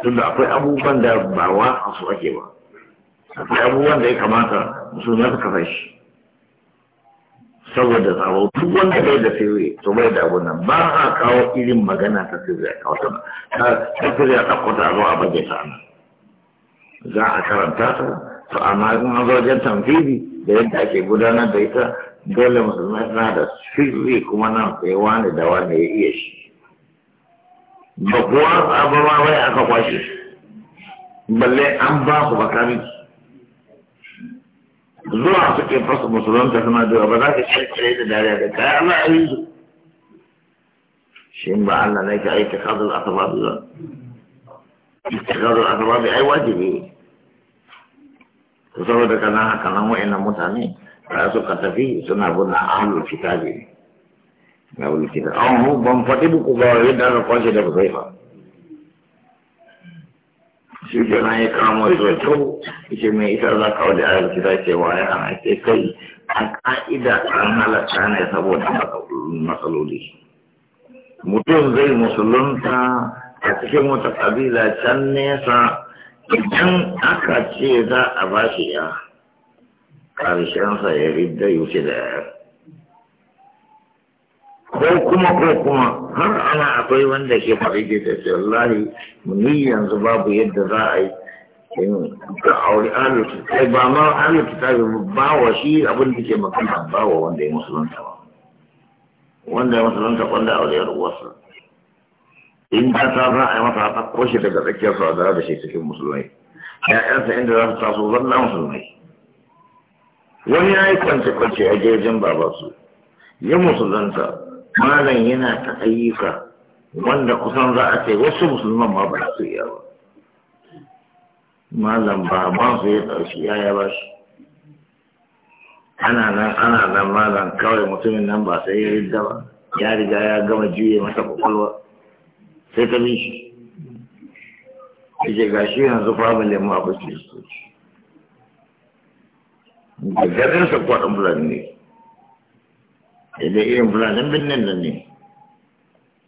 tunda akwai abubuwan da ba wa a su ake ba akwai abubuwan da ya kamata su na su kafa shi saboda tsaro duk wanda bai da sirri to bai da abun nan ba a kawo irin magana ta sirri a kawo ta ta ta ta to amma kuma wajen tamfidi da yadda ake gudanar da ita dole musulmai suna da sirri kuma nan sai wani da wani ya iya shi ba kuwa abu ma bai aka kwashe balle an ba ku bakami zuwa suke fasa ta suna da ba za ka shirkire da dariya da kayan Allah a yanzu shi ba Allah na ka aika kazal asabar zuwa istighazul asabar bai ai wajibi to saboda kana haka nan wa'annan mutane da suka tafi suna gudun ahlul kitabi ne na wani kitabi an hu ban faɗi muku ba yadda aka kwashe da zai ba shi ke nan ya kamo mai ita za ka wani ahlul kitabi ce wa ya ana ce kai a ka'ida an halatta ne saboda matsaloli mutum zai musulunta a cikin wata kabila can nesa idan aka ce za a ba shi ya ƙarshensa ya ridda yake da ya ko kuma ko kuma har ana akwai wanda ke faɗi da ce wallahi ni yanzu babu yadda za a yi ka aure alutu kai ba ma alutu ta ba wa shi abin da ke magana ba wa wanda ya musulunta ba wanda ya musulunta wanda aure ya ruwarsa in ba ta za a yi masa ta koshe daga tsakiyar saudara da shi cikin musulmai ya'yansa inda za su taso zalla musulmai wani ya yi kwance-kwance a jirgin babansu yi musulunta malam yana ta ayyuka wanda kusan za a ce wasu musulman ma ba su iya ba malam ba ma su ya ɗauki yaya ba shi ana nan ana nan malam kawai mutumin nan ba sai ya yi ba ya riga ya gama juye masa kwakwalwa sai ta bi shi gashi ce ga shi yanzu family su abu kiristoci da garinsa kwaɗin fulani ne idan irin fulanin birnin nan ne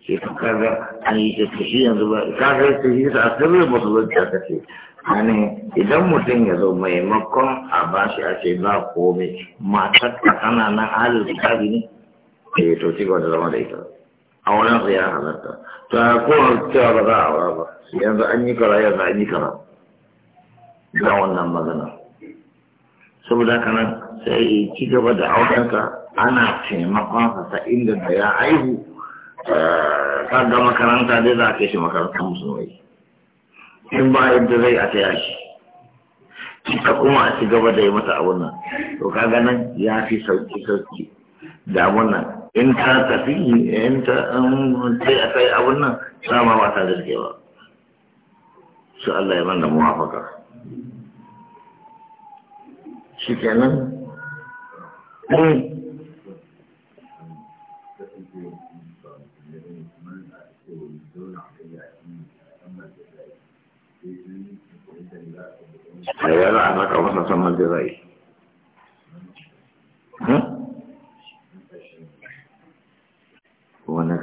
sai ka kaga an yi ta shi yanzu ba kaga ta yi ta asirin zai ta ce hani idan mutum ya zo maimakon a ba shi a ce ba komai matar ka tana nan halin kitabi ne eh to ci gaba da zama da ita awon ya ya halatta to a kowane cewa ba za a aura ba yanzu an yi kara yanzu an yi kara ga wannan magana saboda haka nan sai ci gaba da aurenka ana taimakon ta inda da ya aihu ta eh, ga makaranta dai za a kai shi makarantar musulmai in ba yadda zai a taya shi ita kuma a ci gaba da yi mata abun nan to kaga nan ya fi sauki sauki da abun nan in ta tafi in ta sai a kai abun nan sama ba ta zargewa su Allah ya mana muwafaka shi kenan Ayah a anak kawasan sama dia lain. Hmm?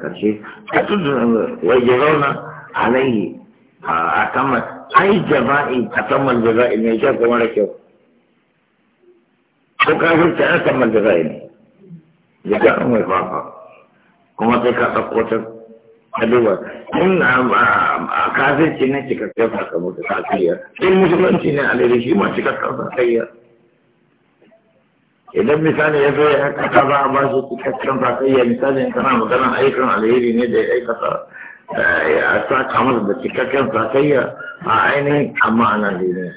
karshe wajirauna alaihi a kamar ai jaba'i a kamar jaba'i mai kyau kuma da kyau ko kafin ta a kamar jaba'i ne ya ga mai fafa kuma sai ka ɗauko ta kaduwa in a kafirci ne cikakken sakamakon sakayya in musulunci ne a lalashi ma cikakken sakayya idan misali ya zo ya aikata za a ba shi cikakken sakayya misali kana magana ayyukan alheri ne da ya aikata ya saka masa da cikakken sakayya a ainihin amma ana duniya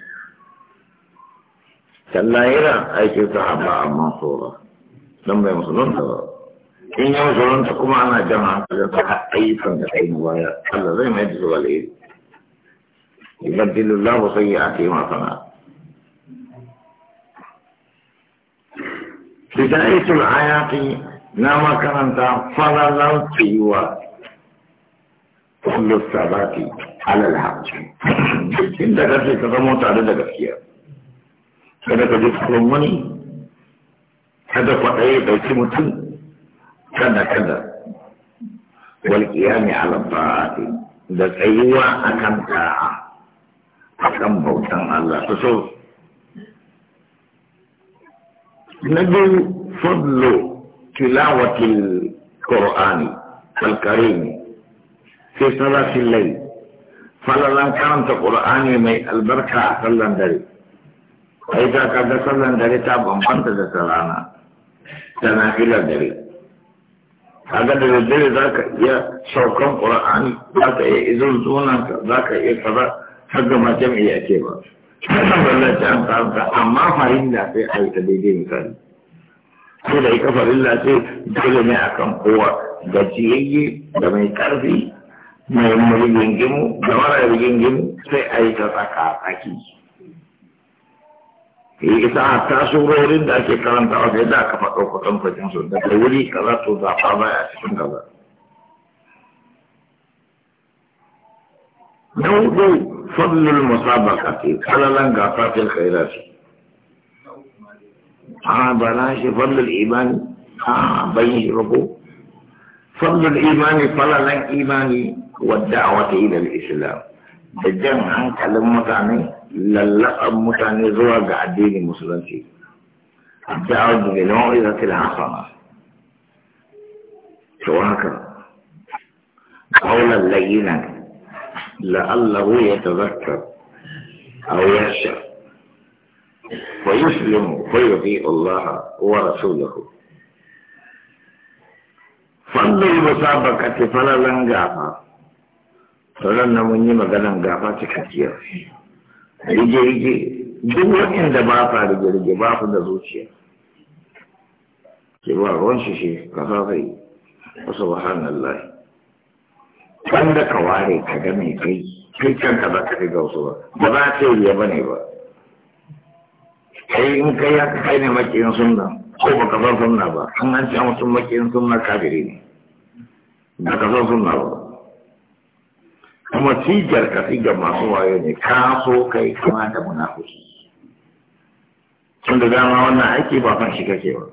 sallahira aikin sahaba amma tsora don bai musulunta ba in yi musulunta kuma ana jan hankalin sa ayyukan da kai na baya Allah zai mai da su alheri ibadillahu sayyi'ati ma sana'a bidaitul ayati na makaranta falalan tsayuwa kullu sabati alal haqqi da ka zama tare da gaskiya kada ka ji tsoron wani kada ka ɗaya ɗauki mutum kada kada wal qiyami ala ta'ati da tsayuwa akan ta'a akan bautan Allah so نبي فضل تلاوة القرآن الكريم في صلاة الليل فلا لن كانت القرآن مي البركة صلى الله دري إذا كان صلى الله عليه وسلم تابع أمانت دسلانا تنافل دري هذا دري دري ذاك يا شوكم قرآن ذاك يا إذن زونك ذاك يا كذا حق ما جمعي أكيبا wannan ballan ta amfanta amma da sai a yi ta daidai misali sai da ita farilla ce dole ne akan kowa gajiyayye da mai karfi mai mulkin gimu da mara rigingimu sai a yi ta tsaka tsaki eh, ita a tasirorin da ake karanta wa sai da aka faɗo kuɗin kuɗin su daga wuri za to zaɓa ba a cikin kaza. Na فضل المسابقة على لن قطعت الخيرات آه بلاش فضل الإيمان آه بيش ربو فضل الإيمان فلا لن إيماني والدعوة إلى الإسلام بجمع عن كلمة متعني للقب متعني زوى قاعدين المسلمين الدعوة بموعظة الحسنة شو هكذا قولا لينا لعله يتذكر أو يخشى فيسلم فيطيع الله ورسوله فضل المسابقة فلا لنجافة فلن نمني يما لنجافة تكثير رجي رجي duk waɗanda ba sa rige-rige ba su da zuciya ke ba ruwan shi shi ka sa sai wasu wahannan lai wanda ka ware ka ga mai kai kai kanka za ka riga wasu ba ba za ta yi ba ne ba kai in kai ya kai ne makiyin sunna ko ba ka san sunna ba an an ce mutum makiyin sunna kafiri ne ba ka san sunna ba kuma sigar ka sigar masu wayo ne ka so kai kama da munafiki tun da dama wannan aiki ba kan shi kake ba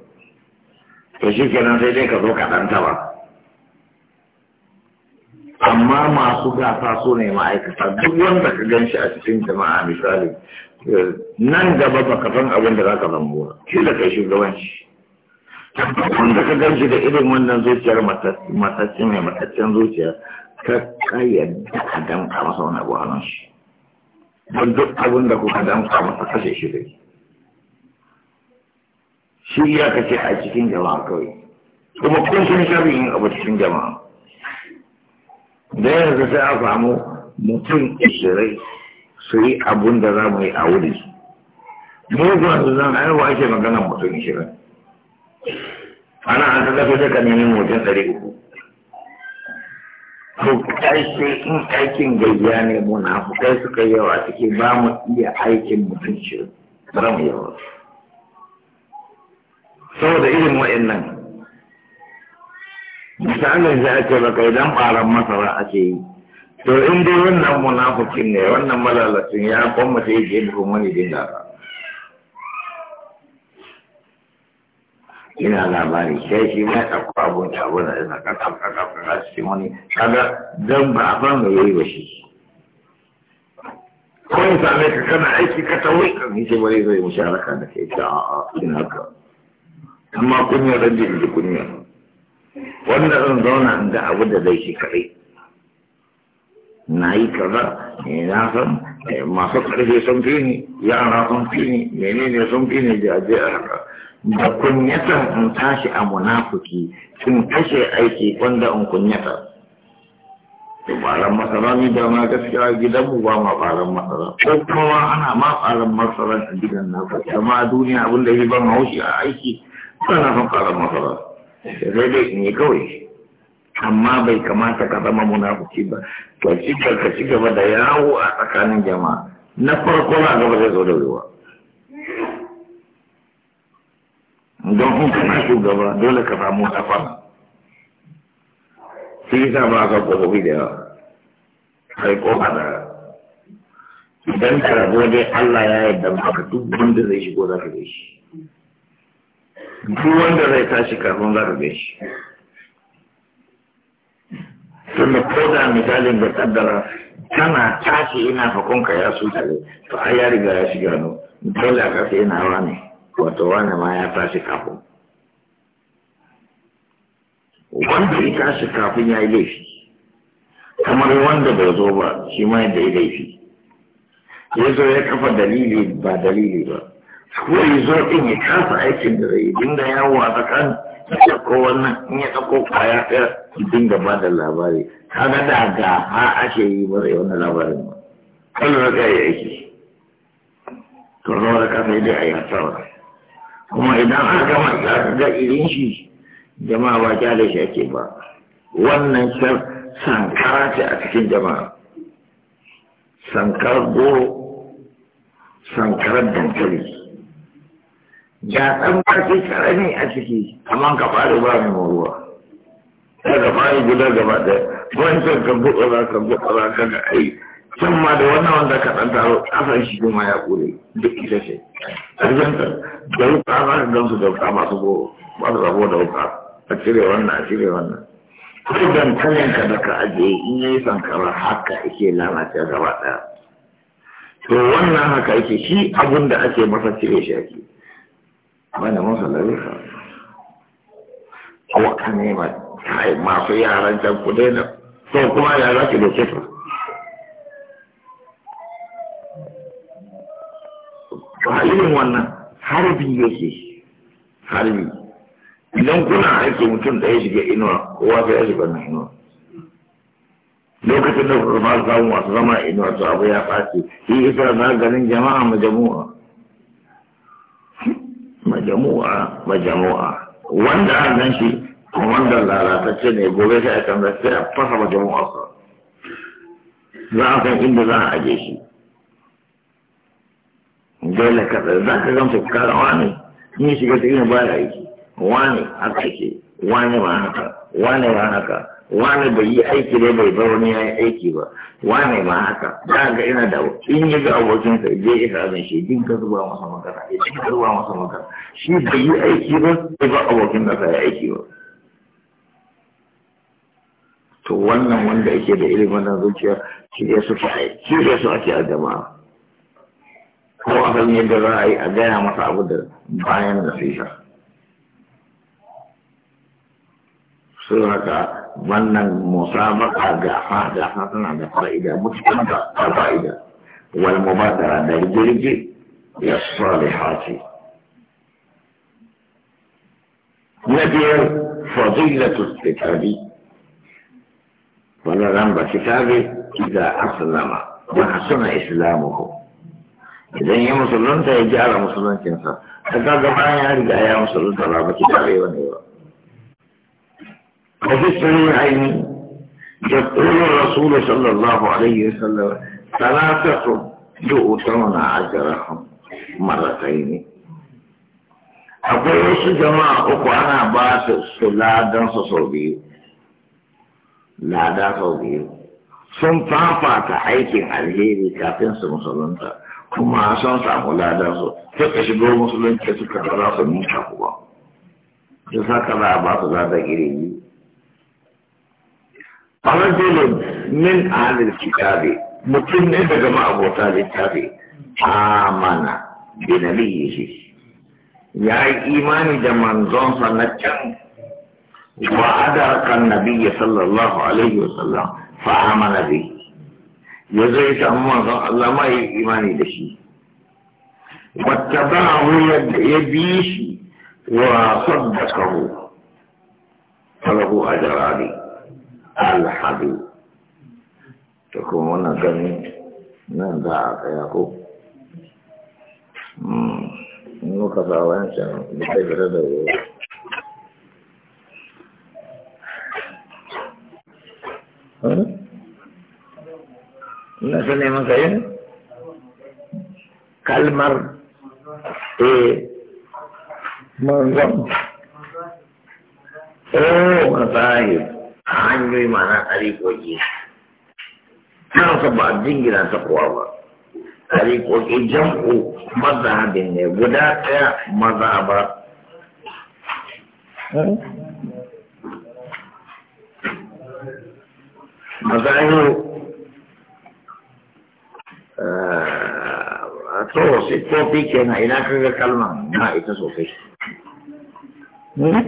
to shi kenan sai dai ka zo ka ɗan ba amma masu gasa su ne ma'aikata duk wanda ka gan shi a cikin jama'a misali eh, nan gaba ba ka san abin da za ka zambo ba shi da kai shugabanci wanda ka gan shi da irin wannan zuciyar matacce mai mataccen zuciya ka kayyada a damka masa wani abu halin shi don duk abin da kuka damka masa kashe shi dai shi ya kace a cikin jama'a kawai kuma kun sun shafi yin abu cikin jama'a da yanzu sai a samu mutum ishirai su yi abun da za mu yi a wuri kuma su zan aiwa ake magana mutum ishirai ana an tallafa da ka nemi mutum ɗari uku Ko kai sai in aikin gajiya ne muna kai suka yawa suke ba mu iya aikin mutum ishirai ba mu yawa saboda irin waɗannan misalin da ake baka idan ɓaran masara ake yi to in dai wannan munafukin ne wannan malalacin ya kwamma sai je buhun wani dinga ba ina labari sai shi mai ɗauko abun tabo na yana kakaf kakaf kakaf shi wani kaga don ba a fara mai yi ba shi ko in same ka kana aiki ka ta ka ni ce bari zai musharaka da ke ta a ina ka amma kunya dan jirgin kunya wanda zan zauna in ga abu da zai shi kaɗai na yi kaza ne na san eh, masu ƙarfe sun fi ni yara sun fi ni menene sun fi ni da aje a haka da kunyata in tashi a munafuki sun kashe aiki wanda in kunyata baran masara ni da ma gaskiya gidanmu ba ma baran masara ko kuma ana ma baran masara a gidan na amma duniya abin da ya ban haushi a aiki ba na son baran masara sai dai in yi kawai amma bai kamata ka zama munafuki ba to shi ka ci gaba da yawo a tsakanin jama'a na farko na gaba zai zo da ruwa don in na shugaba dole ka samu kafa shi yasa ba ka kofofi da yawa kai kofa da idan ka rabu dai Allah ya yarda maka duk wanda zai shigo za ka shi duk wanda zai tashi kafin za ka shi tunda ko da misalin da kaddara tana tashi ina ka ya su tare to ai ya riga ya shiga gano dole a kasa ina wane wato wane ma ya tashi kafin wanda ya tashi kafin ya yi laifi kamar wanda bai zo ba shi ma yadda ya laifi ya zo ya kafa dalili ba dalili ba ko ya zo din ya kasa aikin da zai dinga yawo a tsakan ya ko wannan in ya ɗauko kaya ɗaya dinga ba da labari kaga da ga ha ake yi ba zai wannan labarin ba kallon na tsaye aiki to zama da kasa yadda a yi hasawa. kuma idan aka gama ga irin shi jama'a ba da shi ake ba wannan shan sankara ce a cikin jama'a sankar goro sankarar dankali ga ɗan baki karami a ciki amma ka fara ba mai ruwa sai da fari guda gaba da wancan ka buɗe ka buɗe za ka ga ai can ma da wannan wanda ka ɗan taro ƙasar shi kuma ya ƙure duk ita ce arjanta da wuka za ka gansu da wuka masu go ba su zafo da wuka a cire wannan a cire wannan ko dankalin ka da ka ajiye in yi sankara haka ake lalata gaba ɗaya to wannan haka ake shi abun da ake masa cire shi ake malamin salari A awaka ne ma kai masu yaran can ku daina to kuma ya za ki doke su halin wannan harbi yake harbi idan kuna aiki mutum da ya shiga inuwa kowa sai ya shiga na inuwa lokacin da kuma samun masu zama inuwa to abu ya ɓaci shi isa na ganin jama'a majamu'a majmu'a majmu'a wanda an gan shi wanda lalatacce ne gobe sai a canza sai a fasa majmu'a za a san inda za a aje shi dole ka za ka gamsu kara wani ni shiga cikin baya aiki wani haka ce wani ma haka wani ma haka wani bai yi aiki dai bai bar wani ya yi aiki ba wani ma haka za ga ina da in yi ga sa je ya sabon shi din ka zuba masa magana ya ci ka zuba masa magana shi bai yi aiki ba bai ba abokin nasa ya aiki ba to wannan wanda yake da ilimin nan zuciya shi ya su shi ya su ake a jama'a ko a san yadda za a yi a gaya masa abu da bayan nasiha sun haka wannan musabaka ga hada hasana da fa'ida mutum da fa'ida wal mubadara da jirgi ya salihati na biyar fadilatu kitabi wannan ramba kitabi idza aslama wa islamu islamuhu idan ya musulunta ya gyara musuluncinsa ta gaba ya riga ya musulunta ba ba kitabe wani ba وفي الصحيحين يقول الرسول صلى الله عليه وسلم ثلاثة يؤتون أجرهم مرتين akwai wasu jama'a uku ana ba su ladan su sau biyu lada sau biyu sun fafata aikin alheri kafin su musulunta kuma sun samu ladan su suka shigo musulunci suka za su nuna kuwa su saka za a ba su iri biyu رجل من أهل الكتاب متن دجما أبو طالب كافي آمن بنبيه يا إيمان جمان زون سنتشن وأدرك النبي صلى الله عليه وسلم فآمن به يزيد أما الله ما إيماني دشي واتبعه يبيش وصدقه فله عليه alhadu to kuma wannan gani nan za a tsaya ko hmm. muka sa wancan da ta da wuri ina ta neman kayan kalmar eh masahib hanyoyi mana tsarikoki kansa ba a jingina ta kowa ba tsarikoki jam'u mazhabin ne guda ɗaya mazhaba mazahiru eh, to siffofi kenan ina kaga kalman na ita sosai hmm?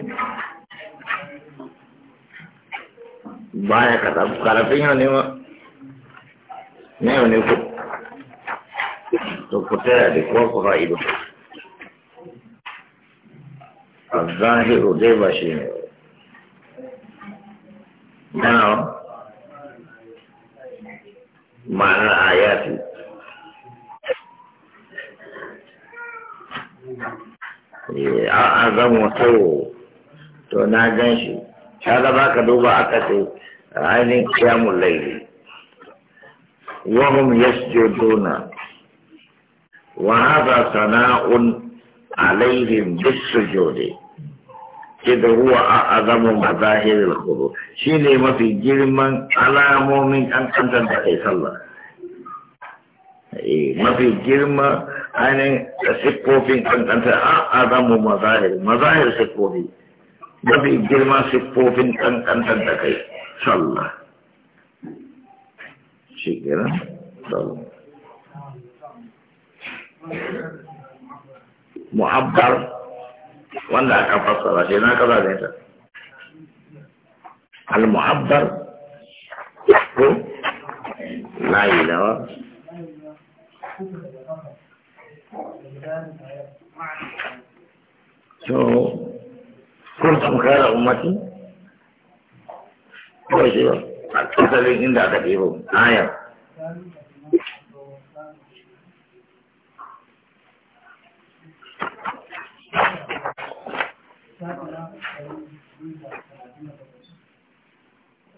baya kaza karafin yau ne ma na yau ne ku to ku taya da kuwa ku fa'ido a zahiru dai ba shi ne na ma'anar ayati a zama sau to na gan shi ta da ba ka duba aka sai عن قيام الليل وهم يسجدون وهذا ثناء عليهم بالسجود كده هو أعظم مظاهر الخضوع شيني ما في جرما على مؤمن أن أنت تقيس الله ما في جرما أنا سكوفين أن أنت أعظم مظاهر مظاهر سكوفي ما في جرما سكوفين أن أنت تقيس sallah shi sallah mu'abbar wanda aka fassara shi na kaza da ita al-mu'abbar ko la ilaha so kuntum khayra ummati kawai shi ba a asalin inda aka ɗebo ayar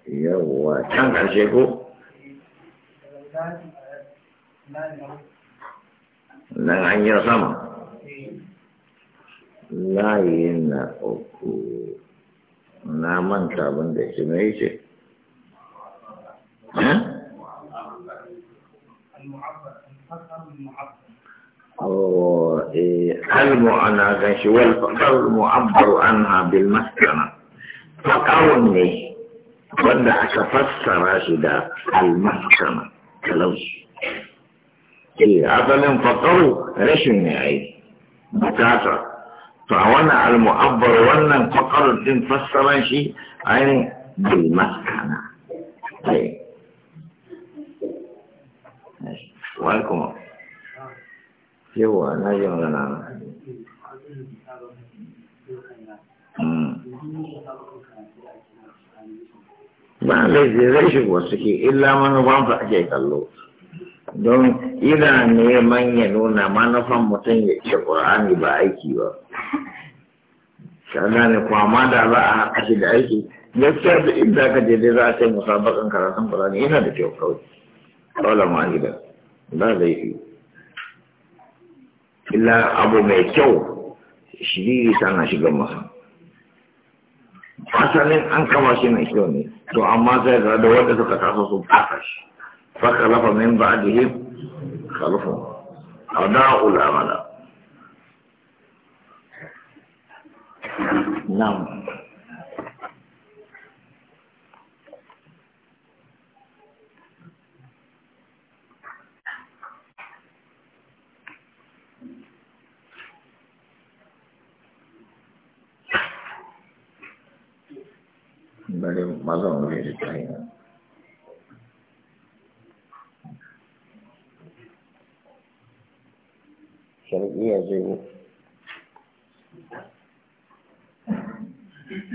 yawwa can ƙarshe ko nan an yi sama layin na uku na manta abin da ke mai ce المعنى غش والفقر المعبر عنها بالمسكنة فقر ne wanda aka fassara shi da almaskana talauci eh asalin faƙaru rashin ne ai bukata to a wannan al-mu'abbar wannan faqar din fassaran shi ayin bil maskana ai wai kuma yawa na yi magana hmm. ba laifi zai shigo suke illa manufansa ake kallo don ina ne ya nuna manufan mutum ya ce ƙur'ani ba aiki ba shaga ne kuma ma da za a haɗa da aiki gaskiya da inda ka je dai za a ce musabakan karatun kurani yana da kyau kawai kawai ma gida ba zai fi illa abu mai kyau Shiriri sana shiga masa asalin an kama shi mai kyau ne to amma sai ga da wanda suka taso su fasa shi fakalafa min ba'dihim khalfun ada'ul amala نعم bari mazan wuri da zai السلام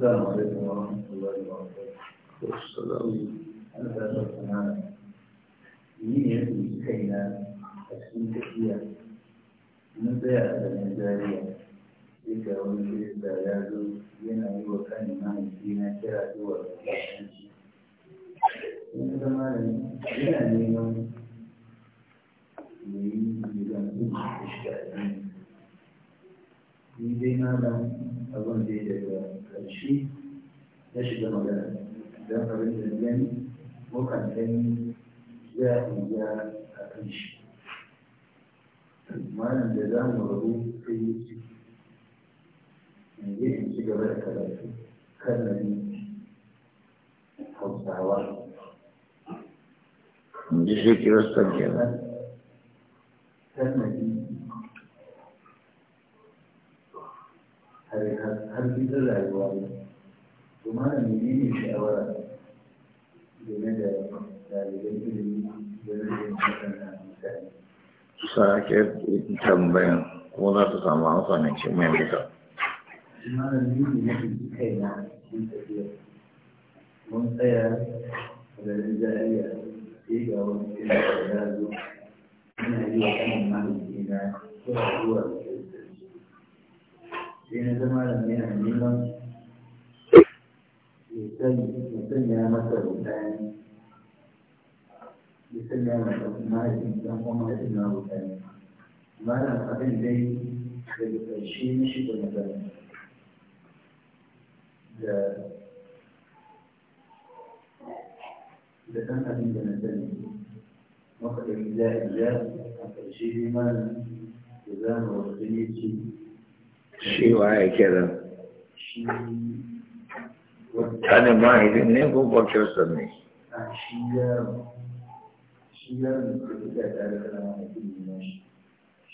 عليكم ورحمة الله وبركاته. والسلام عليكم. Ni ne kai na a cikin tafiya, na tsaya a Najeriya. sai ga wani kirista ya zo yana yi wa kan mahaifi na kira zuwa ga yana da malami yana neman mai yi gidan kuma ni dai malam abin da ya daga ƙarshe ya shiga magana don abin da gani mukan gani ya iya a kan shi malam da za mu rabu ciki. na je in ci gaba da karatu kan hausawa in ji shi kiristan kenan kan na har fitar rayuwa ne kuma da menene shawara game da ɗaliban ilimi game da waɗannan mutane sake tambayan ko za ta samu amfanin cin mai mutum malami ne ya fi kai na cikin tafiya mun tsaya a garin jariya sai ga wani cikin da ya zo ina yi wa kanan malami na zuwa zuwa sai na zama da mai na neman ya sanya masa rudani ya sanya masa mahaifin dan kuma mahaifin na rudani malam abin dai daga ƙarshe na shiga magana da ɗan abin da na sani maka da gida iya a ƙarshe ne malam da za mu shi ya kira shi wata ne mahaifin ne ko bakirsa ne a shi yaro shi yaro da kuka tare da shi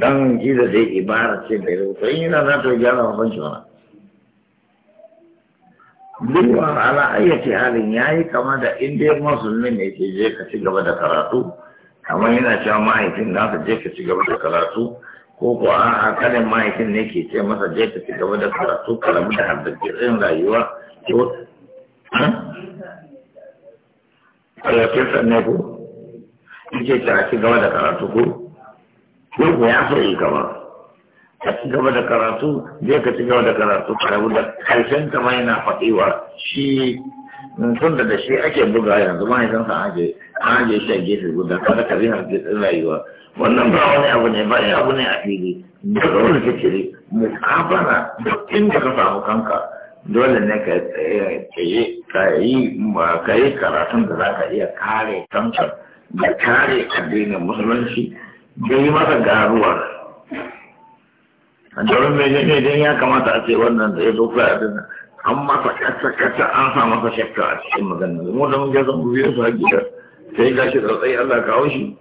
dan ji da ibara ce da rubuta sai yana na to gyara wa ban shawara duk wa ala ayyati halin yayi kama da in dai musulmi ne ke je ka ci gaba da karatu kamar yana cewa mahaifin ka je ka ci gaba da karatu ko ko a kada mahaifin ne ke ce masa je ka ci gaba da karatu kalamu da haddace rayuwa ko a ne ku. ko ce ta ci gaba da karatu ko sai ku ya so yi gaba ka ci gaba da karatu zai ka ci gaba da karatu karabu da karshen kama yana faɗiwa shi tun da da shi ake buga yanzu mahaifinsa an aje ake aje shi a gefe guda kada ka bi hargitsin rayuwa wannan ba wani abu ne ba abu ne a fili daga wani fikiri kafara duk inda ka samu kanka dole ne ka tsaye ka yi ka yi karatun da za ka iya kare kanka da kare addinin musulunci da yi masa garuwa domin mai ne don ya kamata a ce wannan da ya zo kula a dinnan an masa kasa kasa an sa masa shakka a cikin magana mu da mun gaza zan biyo su a gida sai ga shi tsatsai Allah kawo shi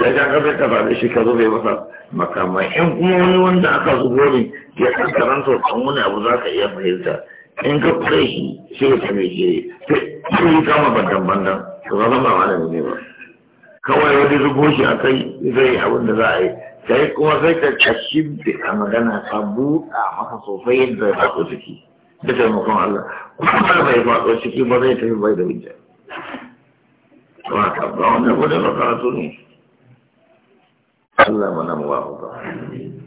sai ga kasa kasa da shi ka zo bai masa makamai in kuma wani wanda aka zubo ne ya kan karanta kan wani abu za ka iya fahimta in ka kure shi sai ka mai ke sai yi kama bandan bandan to zama ba malami ne ba kawai wani zubo shi a kai zai abin da za a yi sai kuma sai ka kashi da magana ka buɗa maka sosai yadda ya faɗo ciki da taimakon Allah kuma bai faɗo ciki ba zai tafi bai da hujja ba ka ba wannan wani makaratu ne Allah mana ba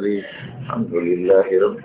العالمين الحمد لله رب